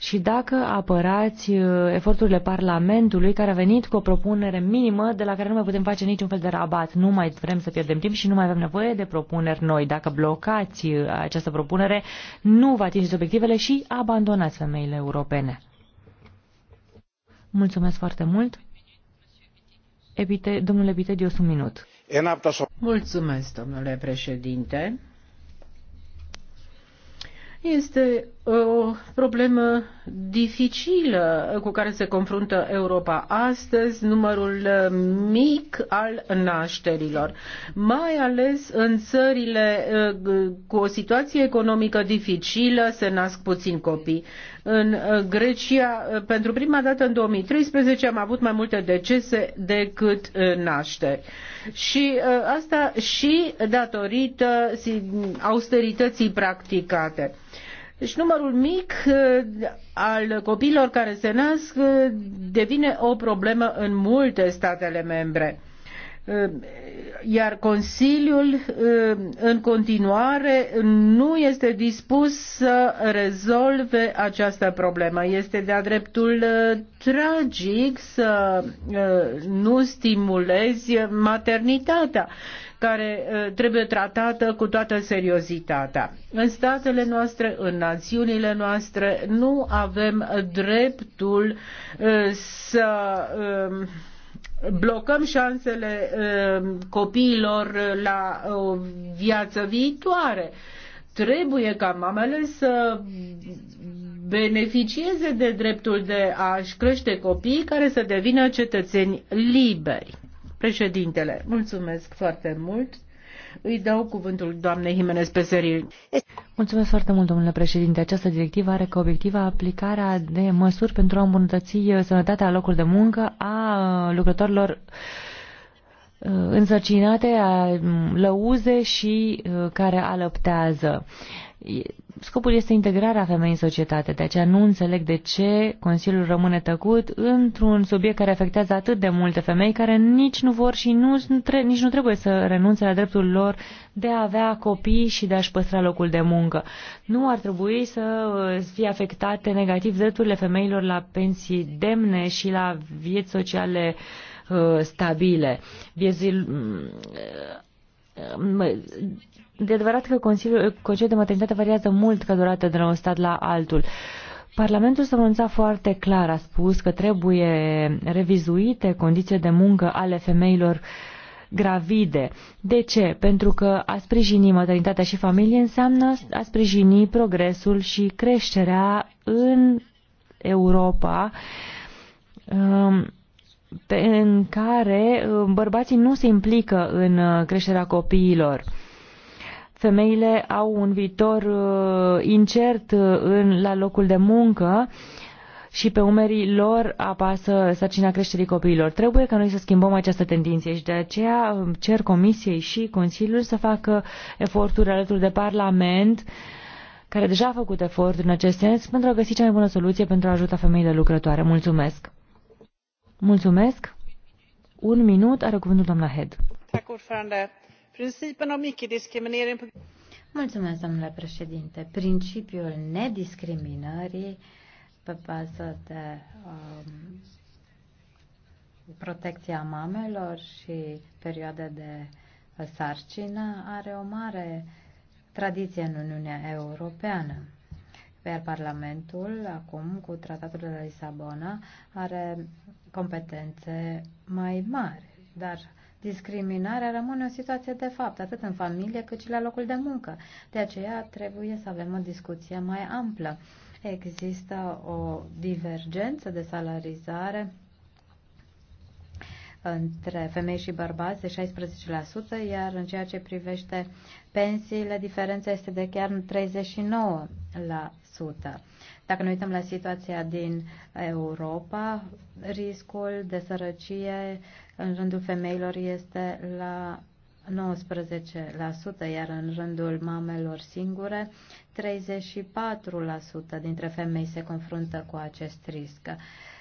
și dacă apărați uh, eforturile Parlamentului care a venit cu o propunere minimă de la care nu mai putem face niciun fel de rabat. Nu mai vrem să pierdem timp și nu mai avem nevoie de propuneri noi. Dacă blocați uh, această propunere, nu vă atingeți obiectivele și abandonați femeile europene. Mulțumesc foarte mult. Epite, domnule Epitedios, un minut. Mulțumesc, domnule președinte. Este o problemă dificilă cu care se confruntă Europa astăzi, numărul mic al nașterilor, mai ales în țările uh, cu o situație economică dificilă se nasc puțin copii. În uh, Grecia, uh, pentru prima dată în 2013, am avut mai multe decese decât nașteri. Și asta și datorită austerității practicate. Deci numărul mic uh, al copiilor care se nasc uh, devine o problemă în multe statele membre. Uh, iar Consiliul în continuare nu este dispus să rezolve această problemă. Este de-a dreptul tragic să nu stimulezi maternitatea care uh, trebuie tratată cu toată seriozitatea. În statele noastre, în națiunile noastre, nu avem dreptul uh, să um, blocăm șansele um, copiilor uh, la o viață viitoare. Trebuie ca mamele să beneficieze de dreptul de a-și crește copiii care să devină cetățeni liberi. Președintele, mulțumesc foarte mult. Îi dau cuvântul doamnei Jimenez Peseril. Mulțumesc foarte mult, domnule președinte. Această directivă are ca obiectiv aplicarea de măsuri pentru a îmbunătăți uh, sănătatea locului de muncă a uh, lucrătorilor uh, însărcinate, a um, lăuze și care alăptează. Scopul este integrarea femeii în societate, de aceea nu înțeleg de ce Consiliul rămâne tăcut într-un subiect care afectează atât de multe femei care nici nu vor și nu, nici nu trebuie să renunțe la dreptul lor de a avea copii și de a-și păstra locul de muncă. Nu ar trebui să uh, fie afectate negativ drepturile femeilor la pensii demne și la vieți sociale uh, stabile. Vieții, mm, uh, de adevărat că Consiliul, concediul de maternitate variază mult ca durată de la un stat la altul. Parlamentul s-a anunțat foarte clar, a spus că trebuie revizuite condiții de muncă ale femeilor gravide. De ce? Pentru că a sprijini maternitatea și familie înseamnă a sprijini progresul și creșterea în Europa um, în care um, bărbații nu se implică în uh, creșterea copiilor femeile au un viitor uh, incert uh, în, la locul de muncă și pe umerii lor apasă sarcina creșterii copiilor. Trebuie ca noi să schimbăm această tendință și de aceea um, cer Comisiei și Consiliul să facă eforturi alături de Parlament care deja a făcut efort în acest sens pentru a găsi cea mai bună soluție pentru a ajuta femeile lucrătoare. Mulțumesc! Mulțumesc! Un minut are cuvântul doamna Head. Principen om icke-diskriminering på... Mulțumesc, domnule președinte. Principiul nediscriminării pe bază de um, protecția mamelor și perioade de uh, sarcină are o mare tradiție în Uniunea Europeană. Iar Parlamentul, acum, cu Tratatul de la Lisabona, are competențe mai mari, dar Discriminarea rămâne o situație de fapt, atât în familie cât și la locul de muncă. De aceea trebuie să avem o discuție mai amplă. Există o divergență de salarizare între femei și bărbați de 16%, iar în ceea ce privește pensiile, diferența este de chiar 39%. Dacă ne uităm la situația din Europa, riscul de sărăcie în rândul femeilor este la 19%, iar în rândul mamelor singure, 34% dintre femei se confruntă cu acest risc.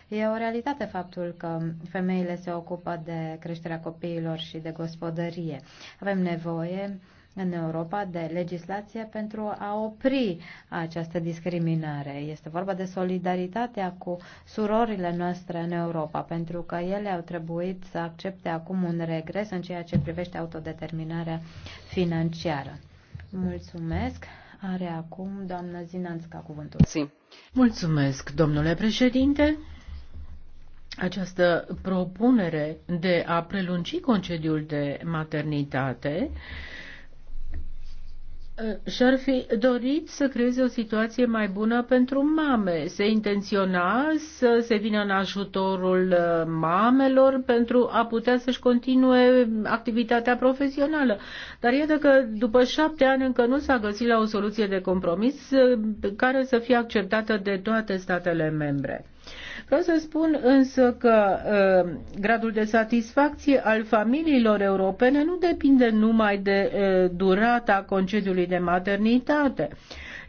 E o realitate faptul că femeile se ocupă de creșterea copiilor și de gospodărie. Avem nevoie în Europa de legislație pentru a opri această discriminare. Este vorba de solidaritatea cu surorile noastre în Europa, pentru că ele au trebuit să accepte acum un regres în ceea ce privește autodeterminarea financiară. Mulțumesc. Are acum doamna Zinanțca cuvântul. Si. Mulțumesc, domnule președinte. Această propunere de a prelungi concediul de maternitate și-ar fi dorit să creeze o situație mai bună pentru mame. Se intenționa să se vină în ajutorul uh, mamelor pentru a putea să-și continue activitatea profesională. Dar iată că după șapte ani încă nu s-a găsit la o soluție de compromis uh, care să fie acceptată de toate statele membre. Vreau să spun însă că uh, gradul de satisfacție al familiilor europene nu depinde numai de uh, durata concediului de maternitate.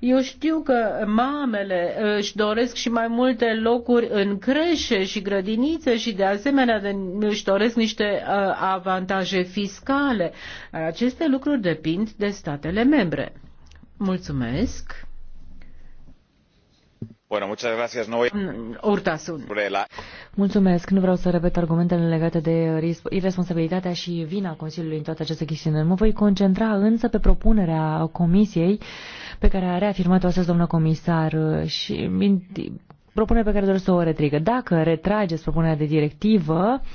Eu știu că mamele uh, își doresc și mai multe locuri în creșe și grădinițe și de asemenea de, își doresc niște uh, avantaje fiscale. Aceste lucruri depind de statele membre. Mulțumesc! Mm, nu vreau să repet argumentele legate de irresponsabilitatea și vina Consiliului în toate aceste chestiuni. Mă voi concentra însă pe propunerea Comisiei pe care a reafirmat-o astăzi doamna comisar și propunerea pe care doresc să o retrigă. Dacă retrageți propunerea de directivă, uh,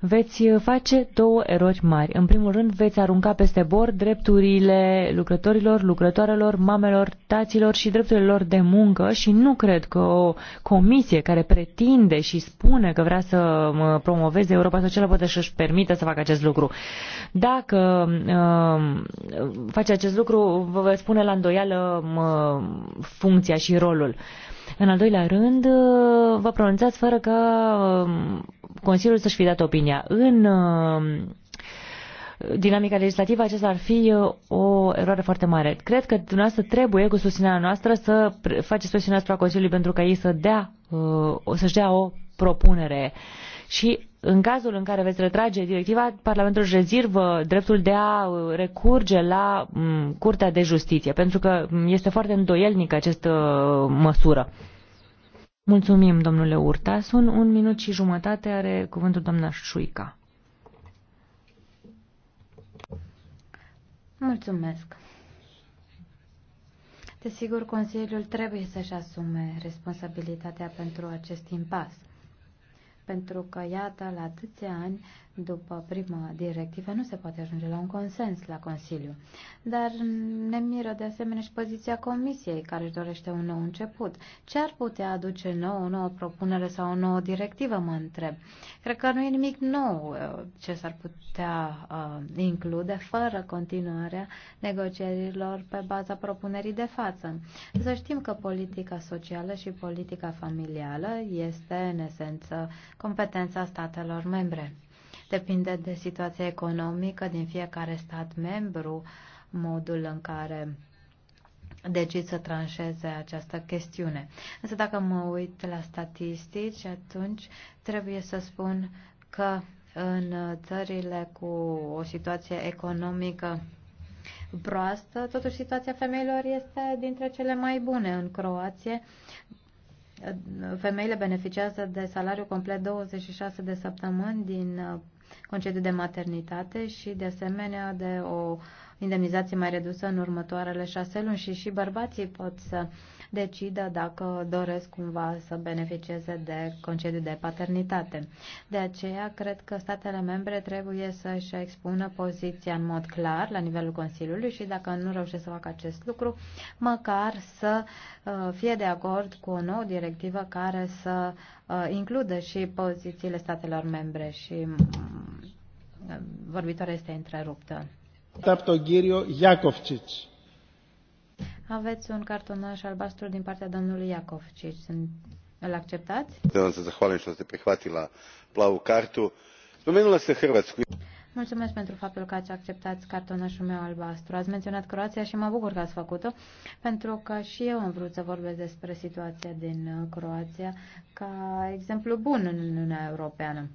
veți uh, face două erori mari. În primul rând, veți arunca peste bord drepturile lucrătorilor, lucrătoarelor, mamelor, taților și drepturile lor de muncă și nu cred că o comisie care pretinde și spune că vrea să uh, promoveze Europa Socială poate să-și permită să facă acest lucru. Dacă uh, face acest lucru, vă spune la îndoială uh, funcția și rolul. Uh, în al doilea rând, uh, vă pronunțați fără că um, Consiliul să-și fi dat opinia. În um, dinamica legislativă, acesta ar fi uh, o eroare foarte mare. Cred că dumneavoastră trebuie, cu susținerea noastră, să faceți presiunea asupra Consiliului pentru ca ei să dea, uh, să-și dea o propunere uh, și în cazul în care veți retrage directiva, Parlamentul își rezervă dreptul de a uh, recurge la mm, Curtea de Justiție, pentru că mm, este foarte îndoielnică această uh, măsură. Mulțumim, domnule Urtasun. Un minut și jumătate are cuvântul doamna Șuica. Mulțumesc. Desigur, Consiliul trebuie să-și asume responsabilitatea pentru acest impas pentru că, iată, la atâția ani după prima directivă nu se poate ajunge la un consens la Consiliu. Dar ne miră de asemenea și poziția Comisiei, care își dorește un nou început. Ce ar putea aduce nou, o nouă propunere sau o nouă directivă, mă întreb. Cred că nu e nimic nou uh, ce s-ar putea uh, include fără continuarea negocierilor pe baza propunerii de față. Să știm că politica socială și politica familială este, în esență, competența statelor membre depinde de situația economică din fiecare stat membru, modul în care decid să tranșeze această chestiune. Însă dacă mă uit la statistici, atunci trebuie să spun că în țările cu o situație economică proastă, totuși situația femeilor este dintre cele mai bune în Croație. Femeile beneficiază de salariu complet 26 de săptămâni din concediu de maternitate și, de asemenea, de o indemnizație mai redusă în următoarele șase luni și și bărbații pot să decidă dacă doresc cumva să beneficieze de concediu de paternitate. De aceea, cred că statele membre trebuie să-și expună poziția în mod clar la nivelul Consiliului și dacă nu reușesc să facă acest lucru, măcar să uh, fie de acord cu o nouă directivă care să uh, includă și pozițiile statelor membre și mm, vorbitoarea este întreruptă. Aveți un cartonaș albastru din partea domnului Iakovcic. Îl acceptați? Da vam se zahvalim što ste prihvatila plavu kartu. Spomenula ste Hrvatsku. Mulțumesc pentru faptul că ați acceptat cartonașul meu albastru. Ați menționat Croația și mă bucur că ați făcut-o, pentru că și eu am vrut să vorbesc despre situația din uh, Croația ca exemplu bun în Uniunea Europeană.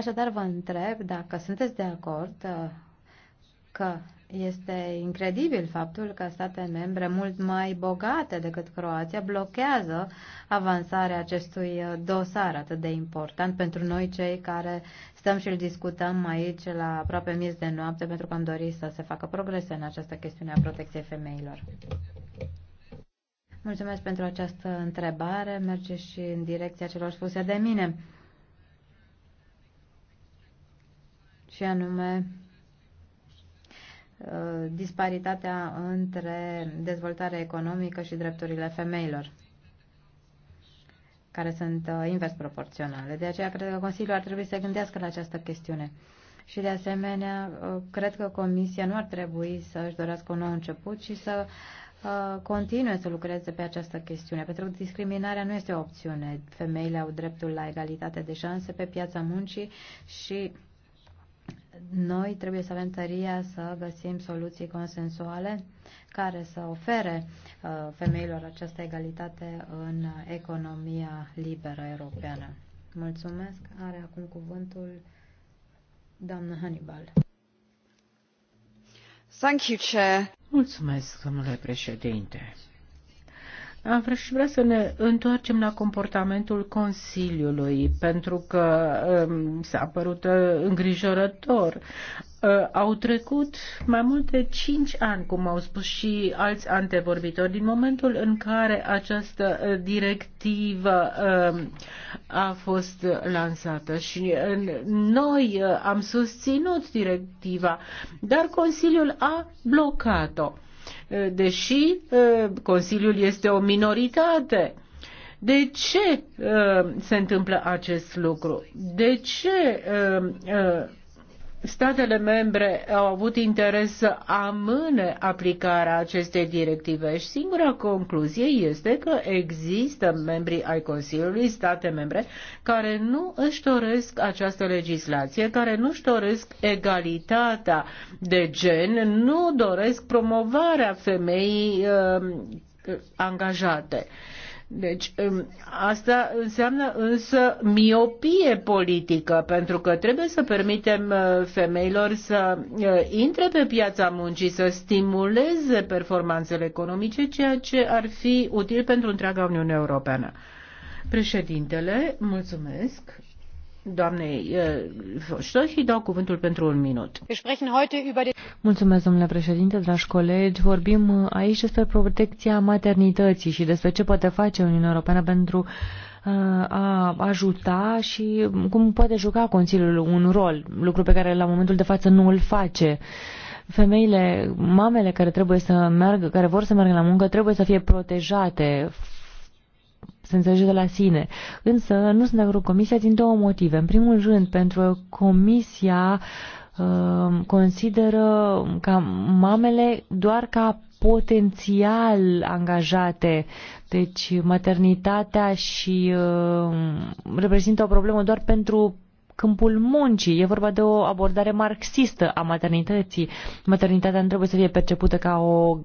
Așadar, vă întreb dacă sunteți de acord uh, că este incredibil faptul că state membre mult mai bogate decât Croația blochează avansarea acestui uh, dosar atât de important pentru noi cei care stăm și îl discutăm aici la aproape miez de noapte pentru că am dorit să se facă progrese în această chestiune a protecției femeilor. Mulțumesc pentru această întrebare. Merge și în direcția celor spuse de mine. și anume uh, disparitatea între dezvoltarea economică și drepturile femeilor, care sunt uh, invers proporționale. De aceea cred că Consiliul ar trebui să gândească la această chestiune. Și de asemenea, uh, cred că Comisia nu ar trebui să își dorească un nou început, ci să continue să lucreze pe această chestiune, pentru că discriminarea nu este o opțiune. Femeile au dreptul la egalitate de șanse pe piața muncii și noi trebuie să avem tăria să găsim soluții consensuale care să ofere uh, femeilor această egalitate în economia liberă europeană. Mulțumesc. Are acum cuvântul doamna Hannibal. Thank you, Chair. Mulțumesc, domnule președinte. Am vrea și vrea să ne întoarcem la comportamentul Consiliului, pentru că um, s-a părut uh, îngrijorător. Uh, au trecut mai mult de 5 ani, cum au spus și alți antevorbitori, din momentul în care această uh, directivă uh, a fost lansată și noi uh, am susținut directiva, dar Consiliul a blocat-o deși uh, Consiliul este o minoritate. De ce uh, se întâmplă acest lucru? De ce uh, statele membre au avut interes să amâne aplicarea acestei directive și singura concluzie este că există membri ai Consiliului, state membre, care nu își doresc această legislație, care nu își doresc egalitatea de gen, nu doresc promovarea femeii uh, angajate. Uh, deci um, asta înseamnă însă miopie politică, pentru că trebuie să permitem uh, femeilor să uh, intre pe piața muncii, să stimuleze performanțele economice, ceea ce ar fi util pentru întreaga Uniune Europeană. Președintele, mulțumesc pentru un minut. Mulțumesc, domnule președinte, dragi colegi. Vorbim uh, aici despre protecția maternității și despre ce poate face Uniunea Europeană pentru uh, a ajuta și cum poate juca Consiliul un rol, lucru pe care la momentul de față nu îl face femeile, mamele care trebuie să meargă, care vor să meargă la muncă, trebuie să fie protejate se înțelege de la sine. Însă nu sunt de acord cu comisia din două motive. În primul rând, pentru că comisia uh, consideră ca mamele doar ca potențial angajate. Deci maternitatea și uh, reprezintă o problemă doar pentru câmpul muncii. E vorba de o abordare marxistă a maternității. Maternitatea nu trebuie să fie percepută ca o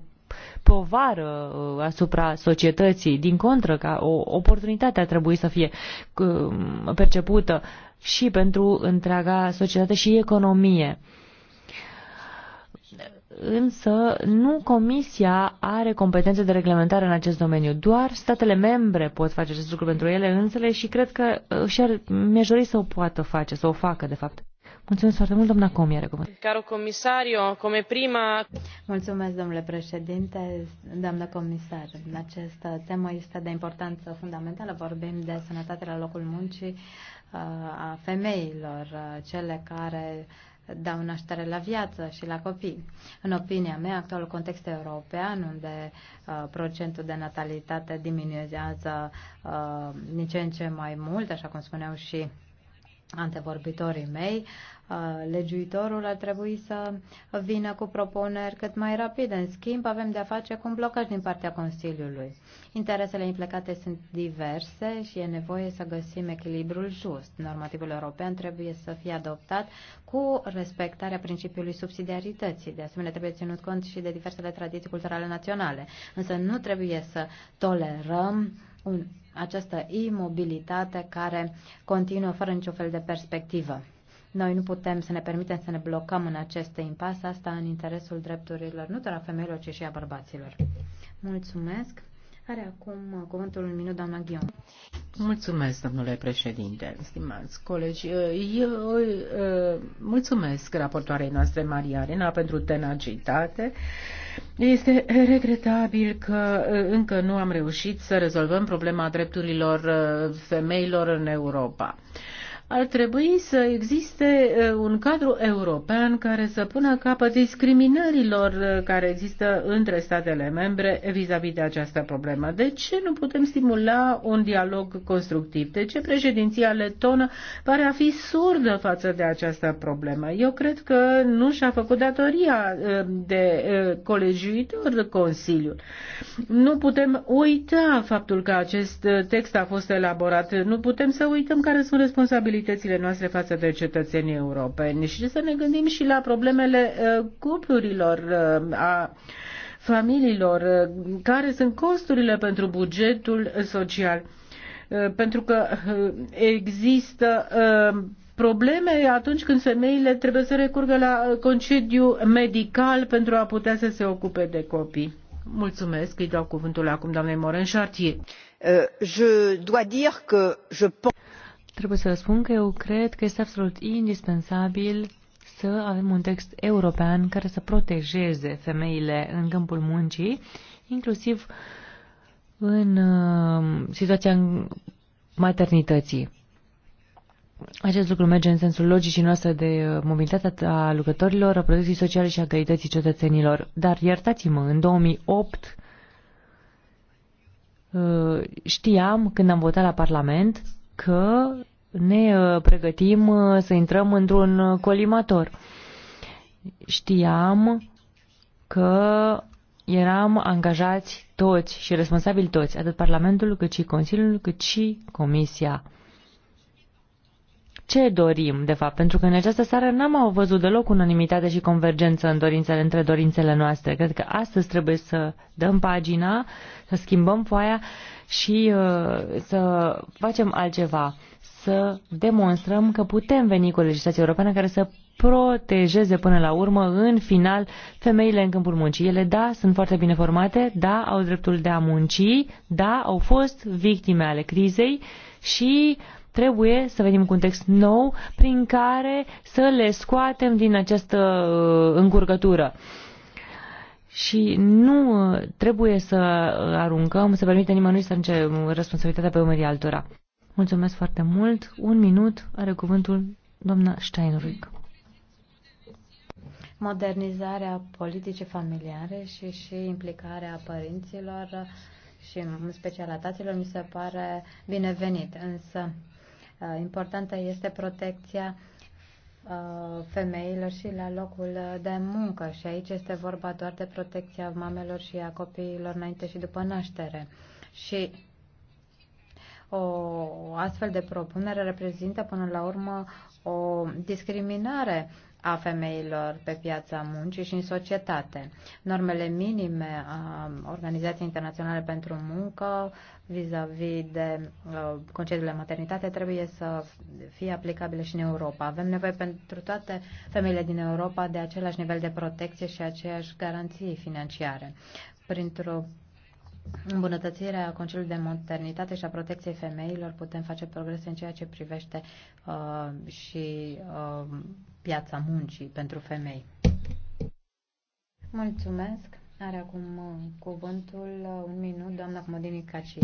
povară uh, asupra societății, din contră, ca o oportunitate a trebui să fie uh, percepută și pentru întreaga societate și economie. Însă nu Comisia are competențe de reglementare în acest domeniu, doar statele membre pot face acest lucru pentru ele însele și cred că uh, și-ar, mi-aș dori să o poată face, să o facă de fapt. Mulțumesc foarte mult, doamna Comi, are cuvânt. Caro comisario, come prima... Mulțumesc, domnule președinte, doamnă comisar. Această temă este de importanță fundamentală. Vorbim de sănătate la locul muncii a femeilor, cele care dau naștere la viață și la copii. În opinia mea, actualul context european, unde uh, procentul de natalitate diminuează uh, din ce în ce mai mult, așa cum spuneau și antevorbitorii mei, uh, legiuitorul ar trebui să vină cu propuneri cât mai rapide. În schimb, avem de-a face cu un blocaj din partea Consiliului. Interesele implicate sunt diverse și e nevoie să găsim echilibrul just. Normativul european trebuie să fie adoptat cu respectarea principiului subsidiarității. De asemenea, trebuie ținut cont și de diversele tradiții culturale naționale. Însă nu trebuie să tolerăm un această imobilitate care continuă fără niciun fel de perspectivă. Noi nu putem să ne permitem să ne blocăm în aceste impas, asta în interesul drepturilor nu doar a femeilor, ci și a bărbaților. Mulțumesc! Are acum uh, cuvântul un minut, doamna Ghion. Mulțumesc, domnule președinte, stimați colegi. Uh, eu uh, mulțumesc raportoarei noastre, Maria Arena, pentru tenacitate. Este regretabil că încă nu am reușit să rezolvăm problema drepturilor femeilor în Europa. Ar trebui să existe uh, un cadru european care să pună capăt discriminărilor uh, care există între statele membre vis-a-vis -vis de această problemă. De ce nu putem stimula un dialog constructiv? De ce președinția letonă pare a fi surdă față de această problemă? Eu cred că nu și-a făcut datoria uh, de colegiuitor Consiliul. Nu putem uita faptul că acest text a fost elaborat. Nu putem să uităm care sunt responsabilitățile responsabilitățile noastre față de cetățenii europeni și să ne gândim și la problemele uh, cuplurilor, uh, a familiilor, uh, care sunt costurile pentru bugetul social. Pentru că există probleme atunci când femeile trebuie să recurgă la concediu medical pentru a putea să se ocupe de copii. Mulțumesc, îi dau cuvântul acum doamnei Moren Chartier. Uh, je dois dire que je pense Trebuie să spun că eu cred că este absolut indispensabil să avem un text european care să protejeze femeile în câmpul muncii, inclusiv în uh, situația maternității. Acest lucru merge în sensul logicii noastre de uh, mobilitatea a lucrătorilor, a protecției sociale și a calității cetățenilor. Dar iertați-mă, în 2008 uh, știam când am votat la Parlament că ne uh, pregătim uh, să intrăm într-un uh, colimator. Știam că eram angajați toți și responsabili toți, atât Parlamentul, cât și Consiliul, cât și Comisia ce dorim, de fapt, pentru că în această seară n-am au văzut deloc unanimitate și convergență în dorințele, între dorințele noastre. Cred că astăzi trebuie să dăm pagina, să schimbăm foaia și uh, să facem altceva, să demonstrăm că putem veni cu o legislație europeană care să protejeze până la urmă, în final, femeile în câmpul muncii. Ele, da, sunt foarte bine formate, da, au dreptul de a munci, da, au fost victime ale crizei și Trebuie să venim cu un text nou prin care să le scoatem din această uh, încurcătură. Și nu uh, trebuie să uh, aruncăm, să permite nimănui să arunce responsabilitatea pe umerii altora. Mulțumesc foarte mult. Un minut are cuvântul doamna Steinrück. Modernizarea politicii familiare și, și implicarea părinților și în special a taților mi se pare binevenit, însă Uh, importantă este protecția uh, femeilor și la locul de muncă și aici este vorba doar de protecția mamelor și a copiilor înainte și după naștere. Și o astfel de propunere reprezintă până la urmă o discriminare a femeilor pe piața muncii și în societate. Normele minime a Organizației Internaționale pentru Muncă vis-a-vis -vis de uh, concediile maternitate trebuie să fie aplicabile și în Europa. Avem nevoie pentru toate femeile din Europa de același nivel de protecție și aceeași garanții financiare. Printr-o îmbunătățirea Consiliului de Maternitate și a protecției femeilor putem face progrese în ceea ce privește uh, și uh, piața muncii pentru femei. Mulțumesc. Are acum uh, cuvântul uh, un minut doamna Comodini Caci.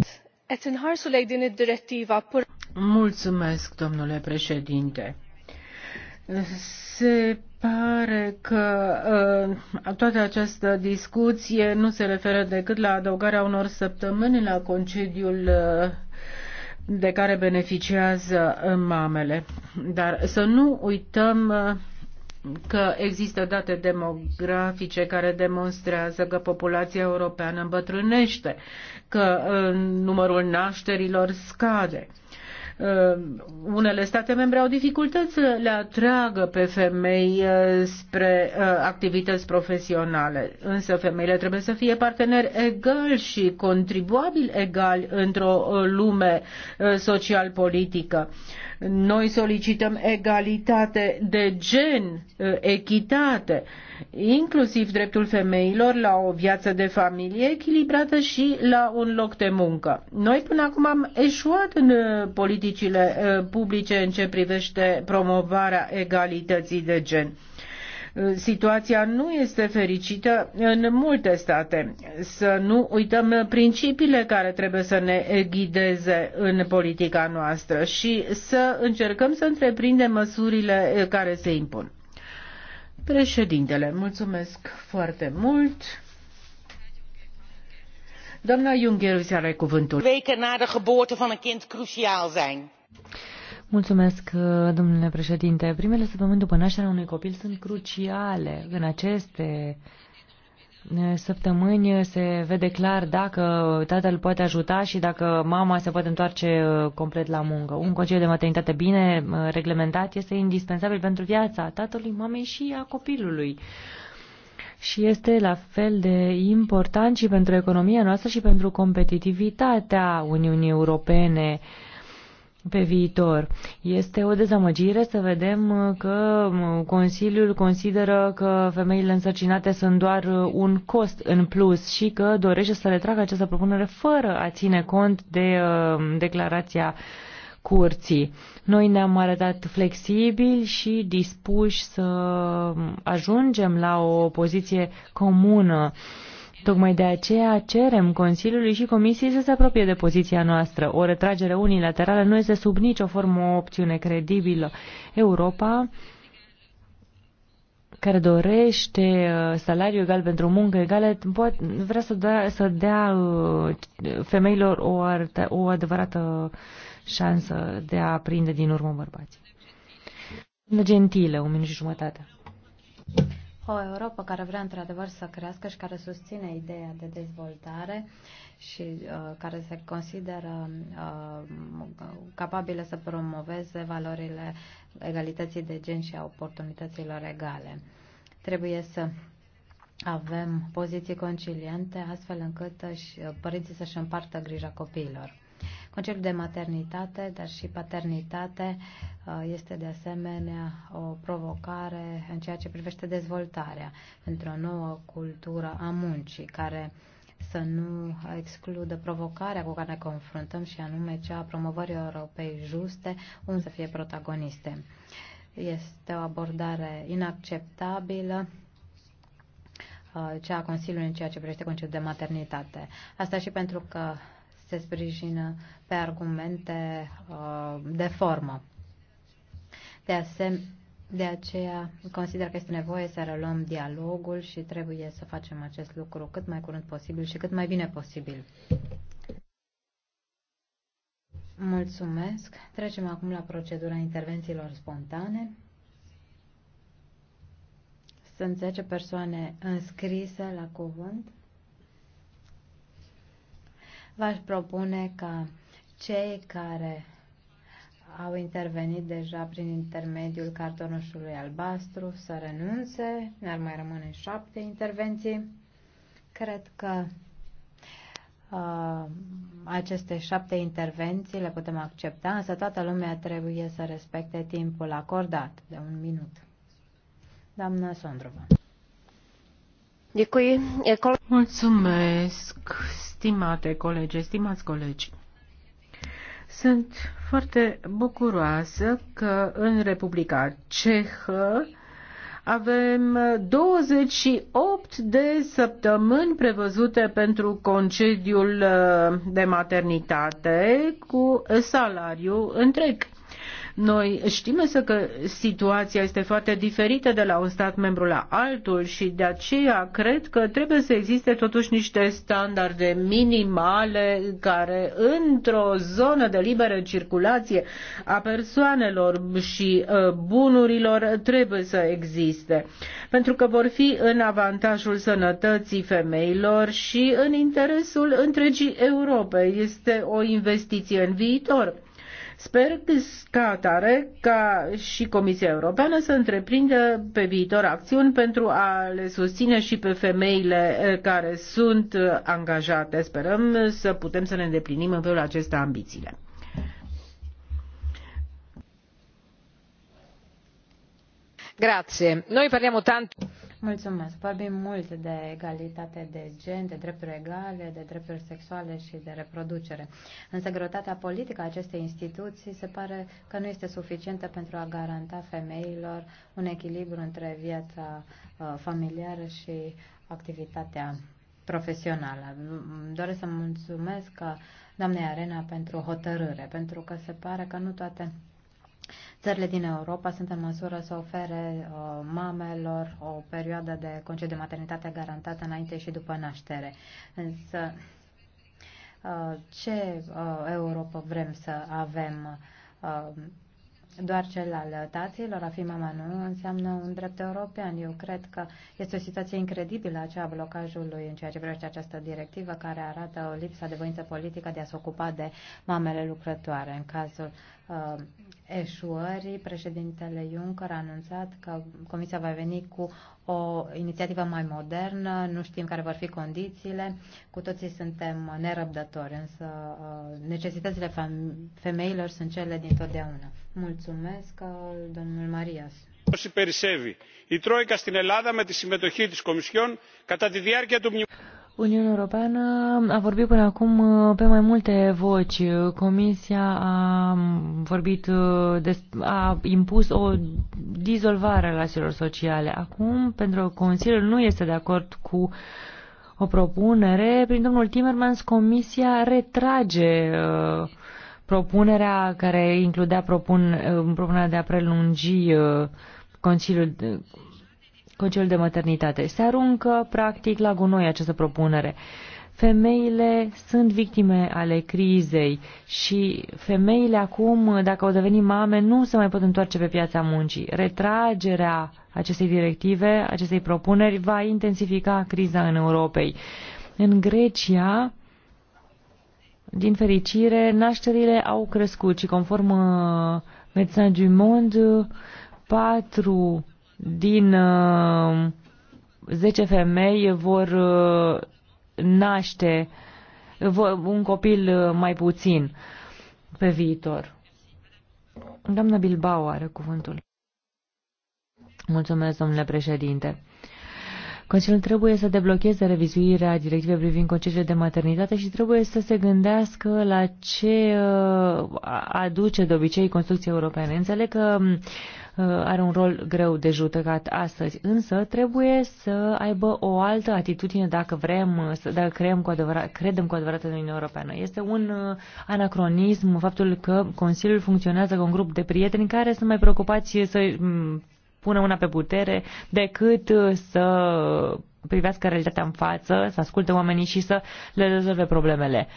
Mulțumesc, domnule președinte. Se pare că uh, toată această discuție nu se referă decât la adăugarea unor săptămâni la concediul uh, de care beneficiază uh, mamele. Dar să nu uităm uh, că există date demografice care demonstrează că populația europeană îmbătrânește, că uh, numărul nașterilor scade. Uh, unele state membre au dificultăți să le atragă pe femei uh, spre uh, activități profesionale, însă femeile trebuie să fie parteneri egali și contribuabili egali într-o lume social-politică. Noi solicităm egalitate de gen, ă, echitate, inclusiv dreptul femeilor la o viață de familie echilibrată și la un loc de muncă. Noi până acum am eșuat în ă, politicile ă, publice în ce privește promovarea egalității de gen. Situația nu este fericită în multe state. Să nu uităm principiile care trebuie să ne ghideze în politica noastră și să încercăm să întreprindem măsurile care se impun. Președintele, mulțumesc foarte mult. Doamna Jungerius are cuvântul. Weken na de geboorte van een kind cruciaal zijn. Mulțumesc, domnule președinte. Primele săptămâni după nașterea unui copil sunt cruciale. În aceste săptămâni se vede clar dacă tatăl poate ajuta și dacă mama se poate întoarce complet la muncă. Un concediu de maternitate bine reglementat este indispensabil pentru viața tatălui, mamei și a copilului. Și este la fel de important și pentru economia noastră și pentru competitivitatea Uniunii Europene. Uh, pe viitor. Este o dezamăgire să vedem uh, că uh, Consiliul consideră că femeile însărcinate sunt doar uh, un cost în plus și că dorește să retragă această propunere fără a ține cont de declarația curții. Noi ne-am arătat flexibili și dispuși să ajungem la o poziție comună Tocmai de aceea cerem Consiliului și Comisiei să se apropie de poziția noastră. O retragere unilaterală nu este sub nicio formă o opțiune credibilă. Europa care dorește uh, salariu egal pentru muncă egală, vrea să dea, să dea uh, femeilor o, arta, o adevărată șansă de a prinde din urmă bărbații. Gentile, un minut și jumătate o Europa care vrea într-adevăr să crească și care susține ideea de dezvoltare și uh, care se consideră uh, capabilă să promoveze valorile egalității de gen și a oportunităților egale. Trebuie să avem poziții conciliante astfel încât și, uh, părinții să-și împartă grija copiilor. Concediul de maternitate, dar și paternitate uh, este de asemenea o provocare în ceea ce privește dezvoltarea într-o nouă cultură a muncii, care să nu excludă provocarea cu care ne confruntăm și anume cea a promovării europei juste, unde să fie protagoniste. Este o abordare inacceptabilă uh, cea a Consiliului în ceea ce privește concediul de maternitate. Asta și pentru că se sprijină pe argumente uh, de formă. De, asem- de aceea consider că este nevoie să reluăm dialogul și trebuie să facem acest lucru cât mai curând posibil și cât mai bine posibil. Mulțumesc. Trecem acum la procedura intervențiilor spontane. Sunt 10 persoane înscrise la cuvânt v-aș propune ca cei care au intervenit deja prin intermediul cartonoșului albastru să renunțe, ne-ar mai rămâne șapte intervenții. Cred că uh, aceste șapte intervenții le putem accepta, însă toată lumea trebuie să respecte timpul acordat de un minut. Doamna Sondrova. Mulțumesc, stimate colegi, stimați colegi. Sunt foarte bucuroasă că în Republica Cehă avem 28 de săptămâni prevăzute pentru concediul uh, de maternitate cu salariu întreg. Noi știm însă că situația este foarte diferită de la un stat membru la altul și de aceea cred că trebuie să existe totuși niște standarde minimale care într-o zonă de liberă circulație a persoanelor și ă, bunurilor trebuie să existe. Pentru că vor fi în avantajul sănătății femeilor și în interesul întregii Europe. Este o investiție în viitor. Sper ca atare ca și Comisia Europeană să întreprindă pe viitor acțiuni pentru a le susține și pe femeile eh, care sunt eh, angajate. Sperăm să putem să ne îndeplinim în felul acesta ambițiile. Grazie. Noi parliamo tanto Mulțumesc. Vorbim mult de egalitate de gen, de drepturi egale, de drepturi sexuale și de reproducere. Însă greutatea politică a acestei instituții se pare că nu este suficientă pentru a garanta femeilor un echilibru între viața uh, familiară și activitatea profesională. Mm, doresc să mulțumesc uh, doamnei Arena pentru hotărâre, pentru că se pare că nu toate țările din Europa sunt în măsură să ofere uh, mamelor o perioadă de concediu de maternitate garantată înainte și după naștere. Însă, uh, ce uh, Europa vrem să avem? Uh, doar cel al taților, a fi mama nu, înseamnă un drept european. Eu cred că este o situație incredibilă aceea blocajului în ceea ce privește această directivă care arată o lipsă de voință politică de a se ocupa de mamele lucrătoare. În cazul uh, eșuării, președintele Juncker a anunțat că Comisia va veni cu o inițiativă mai modernă, nu știm care vor fi condițiile, cu toții suntem nerăbdători, însă uh, necesitățile femeilor sunt cele din totdeauna. Mulțumesc, uh, domnul Marias. Η Τρόικα στην Ελλάδα με τη συμμετοχή της Κομισιόν κατά τη διάρκεια του μνημονίου. Uniunea Europeană a vorbit până acum uh, pe mai multe voci. Comisia a mm, vorbit, uh, de, a impus o dizolvare a relațiilor sociale. Acum, pentru că Consiliul nu este de acord cu o propunere, prin domnul Timmermans, Comisia retrage uh, propunerea care includea propun, propunerea de a prelungi Consiliul concediul de maternitate. Se aruncă practic la gunoi această propunere. Femeile sunt victime ale crizei și femeile acum, dacă au devenit mame, nu se mai pot întoarce pe piața muncii. Retragerea acestei directive, acestei propuneri, va intensifica criza în Europei. În Grecia, din fericire, nașterile au crescut și conform uh, Medecins du Monde, patru din 10 uh, femei vor uh, naște un copil uh, mai puțin pe viitor. Doamna Bilbao are cuvântul. Mulțumesc, domnule președinte. Consiliul trebuie să deblocheze revizuirea directivei privind concediile de maternitate și trebuie să se gândească la ce aduce de obicei construcția europeană. Înțeleg că um, Uh, are un rol greu de judecat astăzi, însă trebuie să aibă o altă atitudine dacă vrem, uh, dacă creăm cu adevărat, credem cu adevărat în Uniunea Europeană. Este un uh, anacronism faptul că Consiliul funcționează cu un grup de prieteni care sunt mai preocupați să mm, pună una pe putere decât să privească realitatea în față, să asculte oamenii și să le rezolve problemele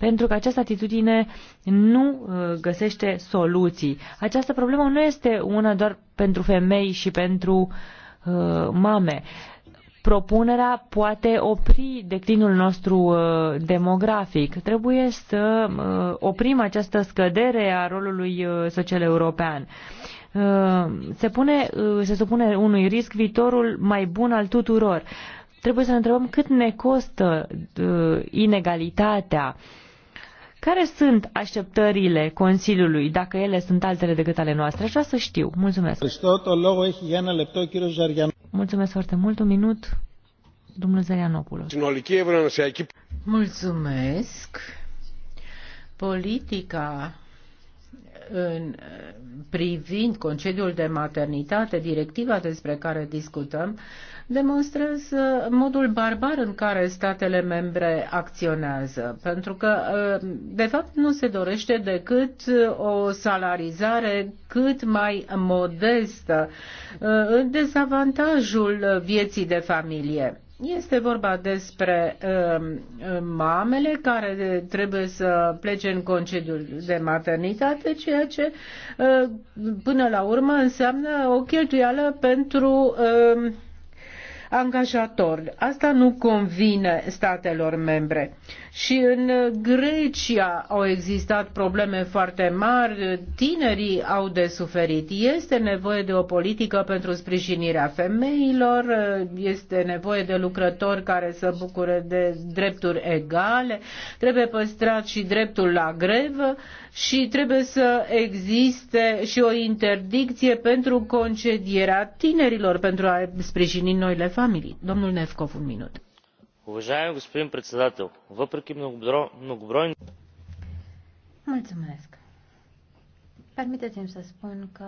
pentru că această atitudine nu uh, găsește soluții. Această problemă nu este una doar pentru femei și pentru uh, mame. Propunerea poate opri declinul nostru uh, demografic. Trebuie să uh, oprim această scădere a rolului uh, social european. Uh, se, pune, uh, se supune unui risc viitorul mai bun al tuturor. Trebuie să ne întrebăm cât ne costă inegalitatea care sunt așteptările Consiliului, dacă ele sunt altele decât ale noastre? Aș vrea să știu. Mulțumesc. Mulțumesc foarte mult. Un minut, domnul Zarianopoulos. Mulțumesc. Politica în, privind concediul de maternitate, directiva despre care discutăm, demonstrează modul barbar în care statele membre acționează, pentru că, de fapt, nu se dorește decât o salarizare cât mai modestă, în dezavantajul vieții de familie. Este vorba despre uh, mamele care trebuie să plece în concediul de maternitate, ceea ce uh, până la urmă înseamnă o cheltuială pentru uh, angajatori. Asta nu convine statelor membre. Și în Grecia au existat probleme foarte mari, tinerii au de suferit. Este nevoie de o politică pentru sprijinirea femeilor, este nevoie de lucrători care să bucure de drepturi egale, trebuie păstrat și dreptul la grevă și trebuie să existe și o interdicție pentru concedierea tinerilor pentru a sprijini noile familii. Domnul Nefcov, un minut. Уважаеми господин председател, въпреки многобройни... Mulțumesc. Permiteți-mi să spun că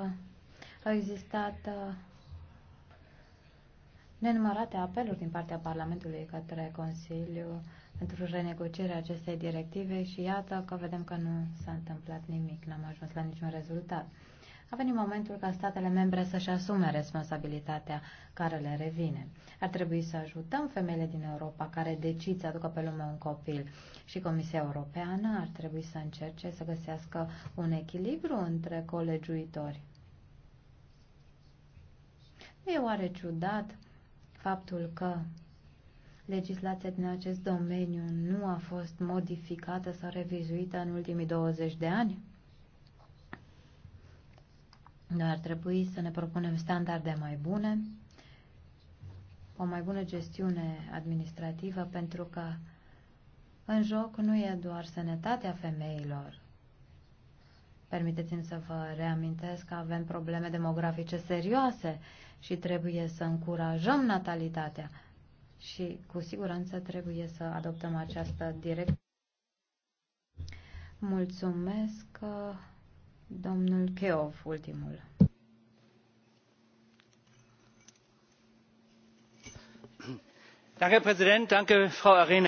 au existat uh, nenumărate apeluri din partea Parlamentului către Consiliu pentru renegocierea acestei directive și iată că vedem că nu s-a întâmplat nimic, n-am ajuns la niciun rezultat. A venit momentul ca statele membre să-și asume responsabilitatea care le revine. Ar trebui să ajutăm femeile din Europa care decid să aducă pe lume un copil și Comisia Europeană ar trebui să încerce să găsească un echilibru între colegiuitori. Nu e oare ciudat faptul că legislația din acest domeniu nu a fost modificată sau revizuită în ultimii 20 de ani? Noi ar trebui să ne propunem standarde mai bune, o mai bună gestiune administrativă, pentru că în joc nu e doar sănătatea femeilor. Permiteți-mi să vă reamintesc că avem probleme demografice serioase și trebuie să încurajăm natalitatea și cu siguranță trebuie să adoptăm această direct. Mulțumesc, uh, domnul Cheov, ultimul.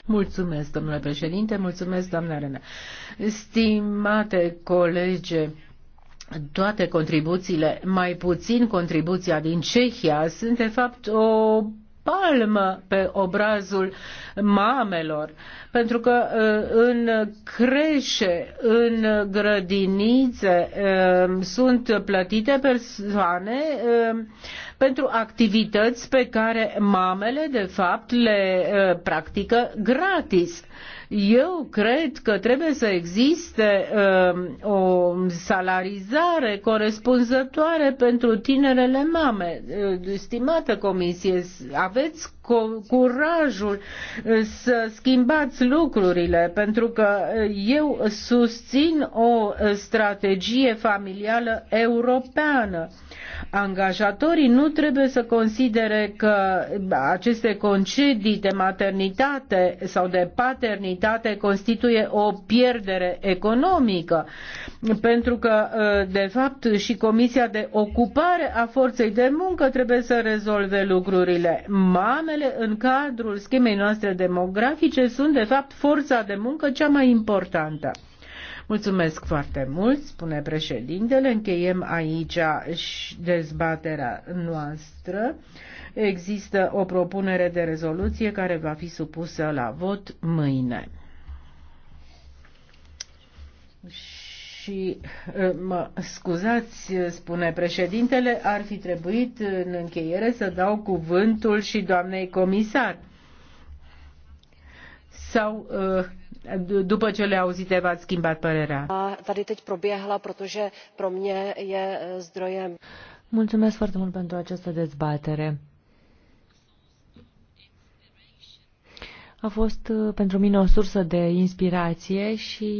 Mulțumesc, domnule președinte, mulțumesc, doamna Arena. Stimate colege, toate contribuțiile, mai puțin contribuția din Cehia, sunt de fapt o palmă pe obrazul mamelor, pentru că uh, în creșe, în grădinițe uh, sunt plătite persoane uh, pentru activități pe care mamele de fapt le practică gratis. Eu cred că trebuie să existe uh, o salarizare corespunzătoare pentru tinerele mame. Uh, stimată comisie, aveți curajul uh, să schimbați lucrurile, pentru că uh, eu susțin o uh, strategie familială europeană. Angajatorii nu trebuie să considere că aceste concedii de maternitate sau de paternitate constituie o pierdere economică, pentru că, de fapt, și Comisia de Ocupare a Forței de Muncă trebuie să rezolve lucrurile. Mame Persoanele în cadrul schemei noastre demografice sunt, de fapt, forța de muncă cea mai importantă. Mulțumesc foarte mult, spune președintele. Încheiem aici dezbaterea noastră. Există o propunere de rezoluție care va fi supusă la vot mâine. și eh, mă scuzați, spune președintele, ar fi trebuit în încheiere să dau cuvântul și doamnei comisar. Sau eh, după ce le auzite v-ați schimbat părerea? Tady teď proběhla, protože pro mě je eh, zdrojem. Mulțumesc foarte mult pentru această dezbatere. A fost pentru mine o sursă de inspirație și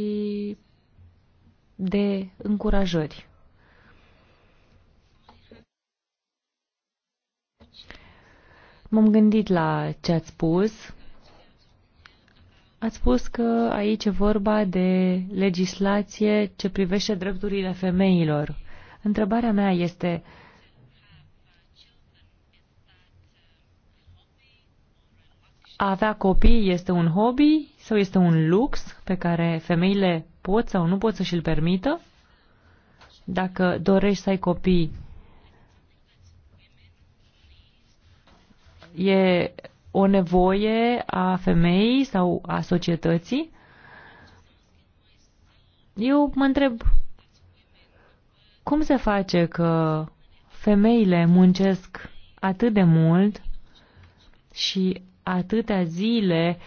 de încurajări. M-am gândit la ce ați spus. Ați spus că aici e vorba de legislație ce privește drepturile femeilor. Întrebarea mea este a avea copii este un hobby sau este un lux pe care femeile pot sau nu pot să și-l permită? Dacă dorești să ai copii, e o nevoie a femeii sau a societății? Eu mă întreb, cum se face că femeile muncesc atât de mult și atâtea zile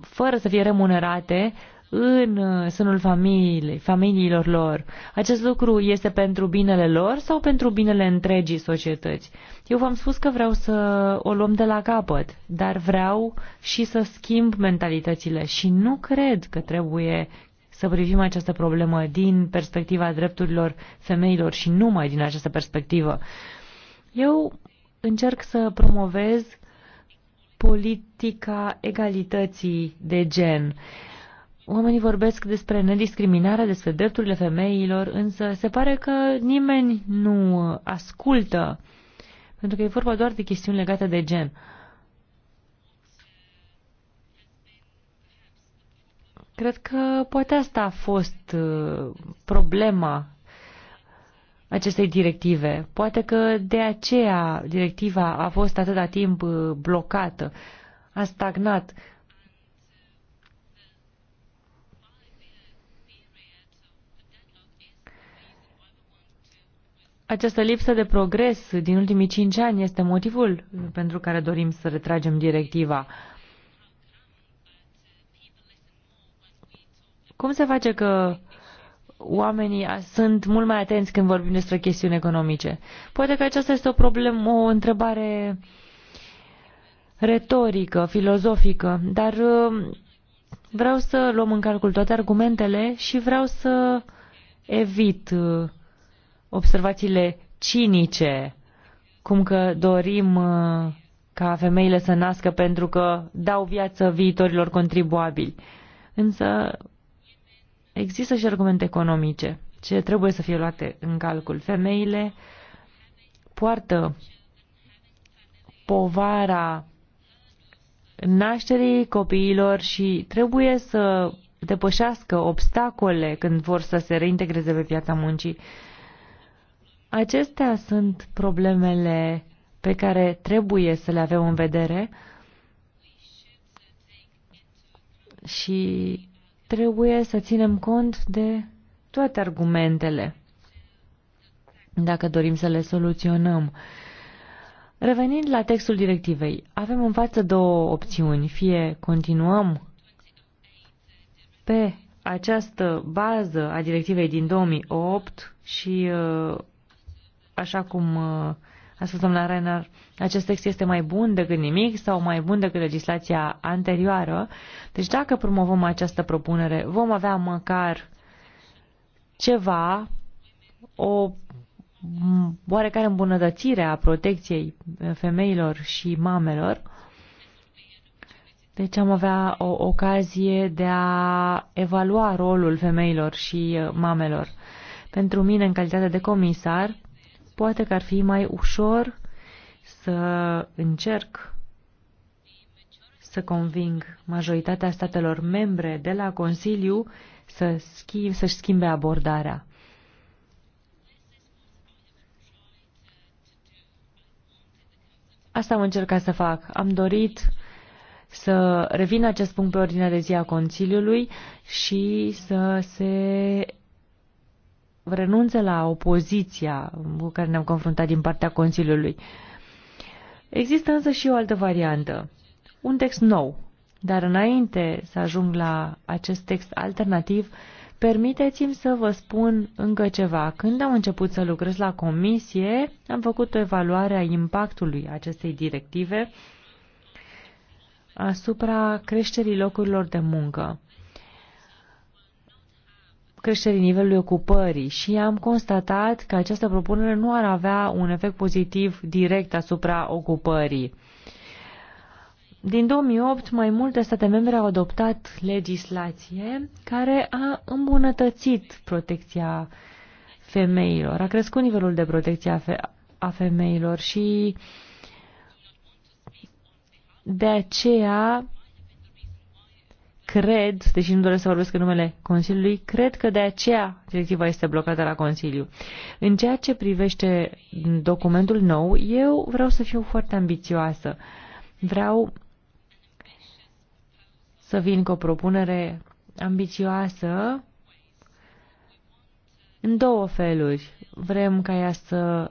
fără să fie remunerate în uh, sânul familiei, familiilor lor. Acest lucru este pentru binele lor sau pentru binele întregii societăți? Eu v-am spus că vreau să o luăm de la capăt, dar vreau și să schimb mentalitățile și nu cred că trebuie să privim această problemă din perspectiva drepturilor femeilor și numai din această perspectivă. Eu încerc să promovez politica egalității de gen. Uh, Oamenii vorbesc despre nediscriminare, despre drepturile femeilor, însă se pare că nimeni nu ascultă, pentru că e vorba doar de chestiuni legate de gen. Cred că poate asta a fost uh, problema acestei directive. Poate că de aceea directiva a fost atâta timp uh, blocată, a stagnat. Această lipsă de progres din ultimii cinci ani este motivul pentru care dorim să retragem directiva. Cum se face că oamenii sunt mult mai atenți când vorbim despre chestiuni economice? Poate că aceasta este o problemă, o întrebare retorică, filozofică, dar uh, vreau să luăm în calcul toate argumentele și vreau să evit uh, observațiile cinice, cum că dorim uh, ca femeile să nască pentru că dau viață viitorilor contribuabili. Însă există și argumente economice ce trebuie să fie luate în calcul. Femeile poartă povara nașterii copiilor și trebuie să depășească obstacole când vor să se reintegreze pe piața muncii. Acestea sunt problemele pe care trebuie să le avem în vedere și trebuie să ținem cont de toate argumentele dacă dorim să le soluționăm. Revenind la textul directivei, avem în față două opțiuni. Fie continuăm pe această bază a directivei din 2008 și uh, așa cum uh, a spus doamna Renner, acest text este mai bun decât nimic sau mai bun decât legislația anterioară. Deci dacă promovăm această propunere, vom avea măcar ceva, o oarecare îmbunătățire a protecției uh, femeilor și mamelor. Deci am avea o ocazie de a evalua rolul femeilor și uh, mamelor. Pentru mine, în calitate de comisar, Poate că ar fi mai ușor să încerc să conving majoritatea statelor membre de la Consiliu să schimb, să-și schimbe abordarea. Asta am încercat să fac. Am dorit să revin acest punct pe ordinea de zi a Consiliului și să se renunță la opoziția cu care ne-am confruntat din partea Consiliului. Există însă și o altă variantă, un text nou. Dar înainte să ajung la acest text alternativ, permiteți-mi să vă spun încă ceva. Când am început să lucrez la comisie, am făcut o evaluare a impactului acestei directive asupra creșterii locurilor de muncă creșterii nivelului ocupării și am constatat că această propunere nu ar avea un efect pozitiv direct asupra ocupării. Din 2008, mai multe state membre au adoptat legislație care a îmbunătățit protecția femeilor, a crescut nivelul de protecție a femeilor și de aceea cred, deși nu doresc să vorbesc în numele Consiliului, cred că de aceea directiva este blocată la Consiliu. În ceea ce privește documentul nou, eu vreau să fiu foarte ambițioasă. Vreau să vin cu o propunere ambițioasă în două feluri. Vrem ca ea să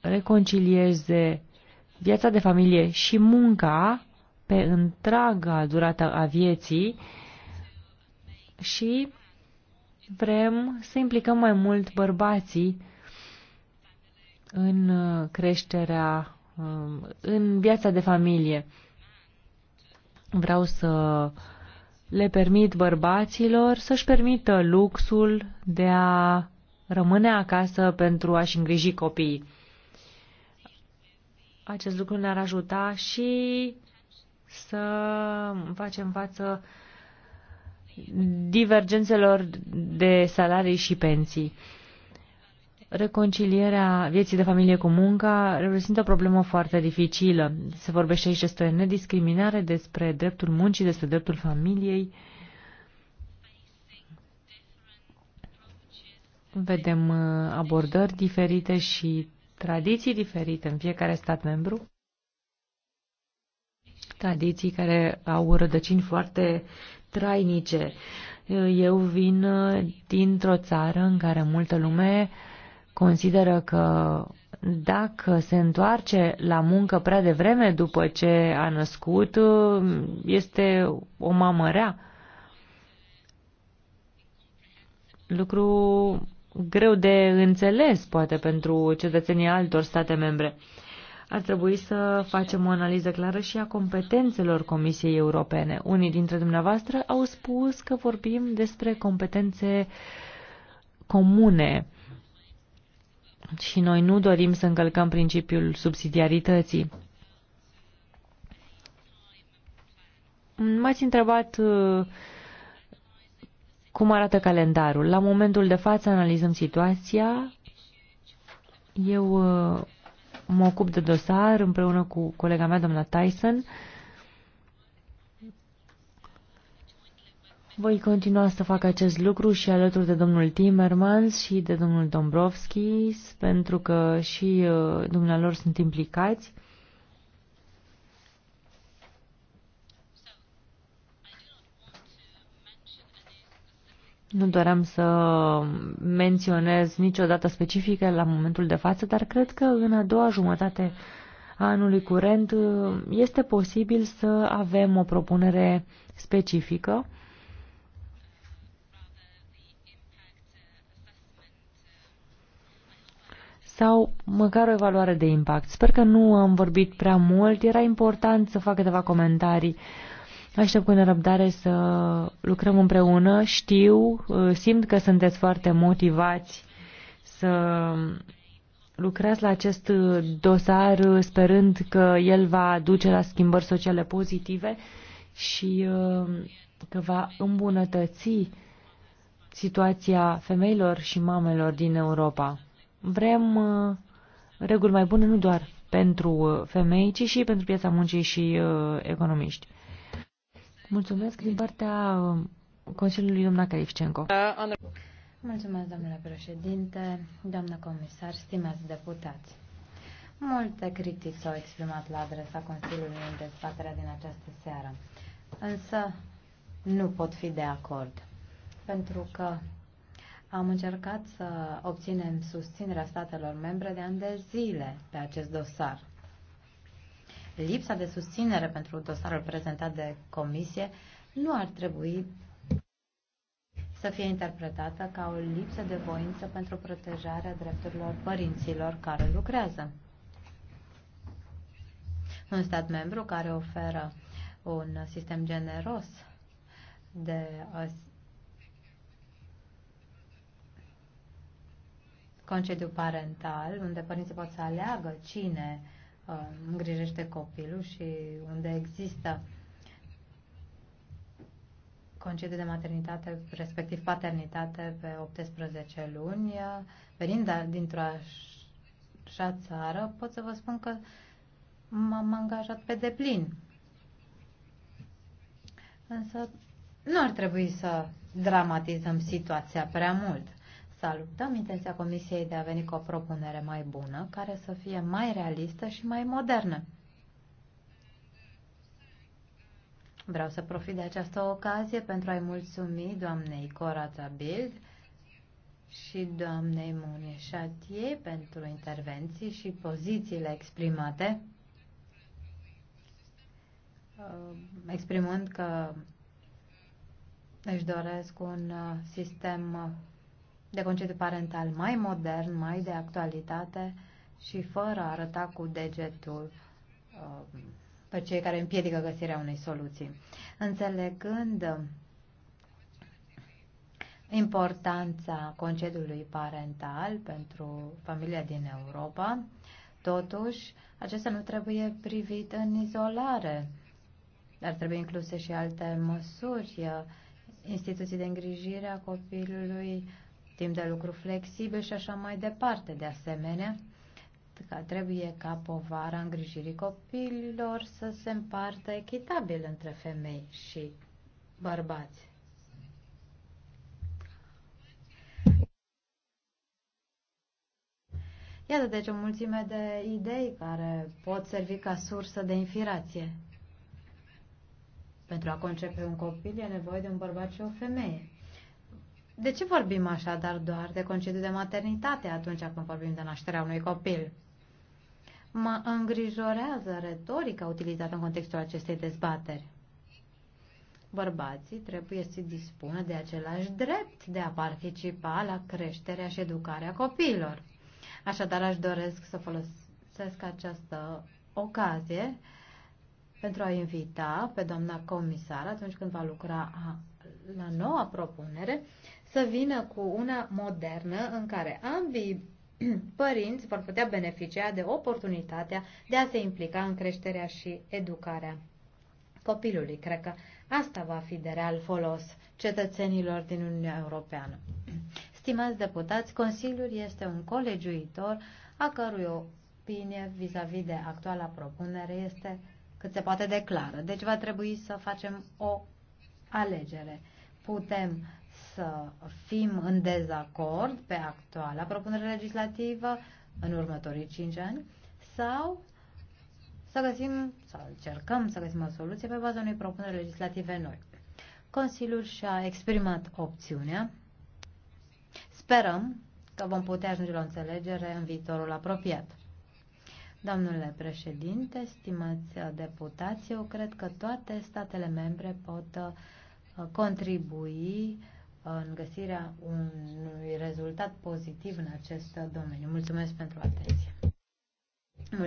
reconcilieze viața de familie și munca pe întreaga durata a vieții și vrem să implicăm mai mult bărbații în uh, creșterea, um, în viața de familie. Vreau să le permit bărbaților să-și permită luxul de a rămâne acasă pentru a-și îngriji copiii. Acest lucru ne-ar ajuta și să facem față divergențelor de salarii și pensii. Reconcilierea vieții de familie cu munca reprezintă o problemă foarte dificilă. Se vorbește aici despre nediscriminare, despre dreptul muncii, despre dreptul familiei. Vedem uh, abordări diferite și tradiții diferite în fiecare stat membru tradiții care au rădăcini foarte trainice. Eu vin uh, dintr-o țară în care multă lume consideră că dacă se întoarce la muncă prea devreme după ce a născut, uh, este o mamă rea. Lucru greu de înțeles, poate, pentru cetățenii altor state membre ar trebui să facem o analiză clară și a competențelor Comisiei Europene. Unii dintre dumneavoastră au spus că vorbim despre competențe comune și noi nu dorim să încălcăm principiul subsidiarității. M-ați întrebat uh, cum arată calendarul? La momentul de față analizăm situația. Eu uh, mă ocup de dosar împreună cu colega mea, doamna Tyson. Voi continua să fac acest lucru și alături de domnul Timmermans și de domnul Dombrovskis, pentru că și uh, dumnealor sunt implicați. Nu doream să menționez niciodată specifică la momentul de față, dar cred că în a doua jumătate a anului curent uh, este posibil să avem o propunere specifică. sau măcar o evaluare de impact. Sper că nu am vorbit prea mult, era important să fac câteva comentarii uh, Aștept cu nerăbdare să lucrăm împreună. Știu, uh, simt că sunteți foarte motivați să lucrați la acest uh, dosar uh, sperând că el va duce la schimbări sociale pozitive și că va îmbunătăți situația femeilor și mamelor din Europa. Vrem reguli mai bune nu doar pentru femei, ci și pentru piața muncii și economiști. Mulțumesc din partea um, Consiliului doamna Califcenco. Mulțumesc, domnule președinte, doamnă comisar, stimați deputați. Multe critici s-au exprimat la adresa Consiliului în dezbaterea din această seară, însă nu pot fi de acord, pentru că am încercat să obținem susținerea statelor membre de ani de zile pe acest dosar lipsa de susținere pentru dosarul prezentat de comisie nu ar trebui să fie interpretată ca o lipsă de voință pentru protejarea drepturilor părinților care lucrează. Un stat membru care oferă un sistem generos de concediu parental, unde părinții pot să aleagă cine uh, îngrijește copilul și unde există concediu de maternitate, respectiv paternitate, pe 18 luni, venind dintr-o așa țară, pot să vă spun că m-am angajat pe deplin. Însă nu ar trebui să dramatizăm situația prea mult. Salutăm intenția Comisiei de a veni cu o propunere mai bună, care să fie mai realistă și mai modernă. Vreau să profit de această ocazie pentru a-i mulțumi doamnei Cora Bild și doamnei Muneșatie pentru intervenții și pozițiile exprimate, uh, exprimând că își doresc un uh, sistem de concediu parental mai modern, mai de actualitate și fără a arăta cu degetul uh, pe cei care împiedică găsirea unei soluții. Înțelegând importanța concediului parental pentru familia din Europa, totuși, acesta nu trebuie privit în izolare. Dar trebuie incluse și alte măsuri, uh, instituții de îngrijire a copilului, timp de lucru flexibil și așa mai departe. De asemenea, că trebuie ca povara îngrijirii copiilor să se împartă echitabil între femei și bărbați. Iată deci o mulțime de idei care pot servi ca sursă de inspirație. Pentru a concepe un copil e nevoie de un bărbat și o femeie. De ce vorbim așa, dar doar de concediu de maternitate atunci când vorbim de nașterea unui copil? Mă îngrijorează retorica utilizată în contextul acestei dezbateri. Bărbații trebuie să dispună de același drept de a participa la creșterea și educarea copiilor. Așadar, aș doresc să folosesc această ocazie pentru a invita pe doamna comisar, atunci când va lucra la noua propunere, să vină cu una modernă în care ambii părinți vor putea beneficia de oportunitatea de a se implica în creșterea și educarea copilului. Cred că asta va fi de real folos cetățenilor din Uniunea Europeană. Stimați deputați, Consiliul este un colegiuitor a cărui opinie vis-a-vis -vis de actuala propunere este cât se poate declară. Deci va trebui să facem o alegere. Putem să fim în dezacord pe actuala propunere legislativă în următorii 5 ani sau să găsim, sau încercăm să găsim o soluție pe baza unei propuneri legislative noi. Consiliul și-a exprimat opțiunea. Sperăm că vom putea ajunge la o înțelegere în viitorul apropiat. Domnule președinte, stimați deputați, eu cred că toate statele membre pot uh, contribui în găsirea unui rezultat pozitiv în acest domeniu. Mulțumesc pentru atenție!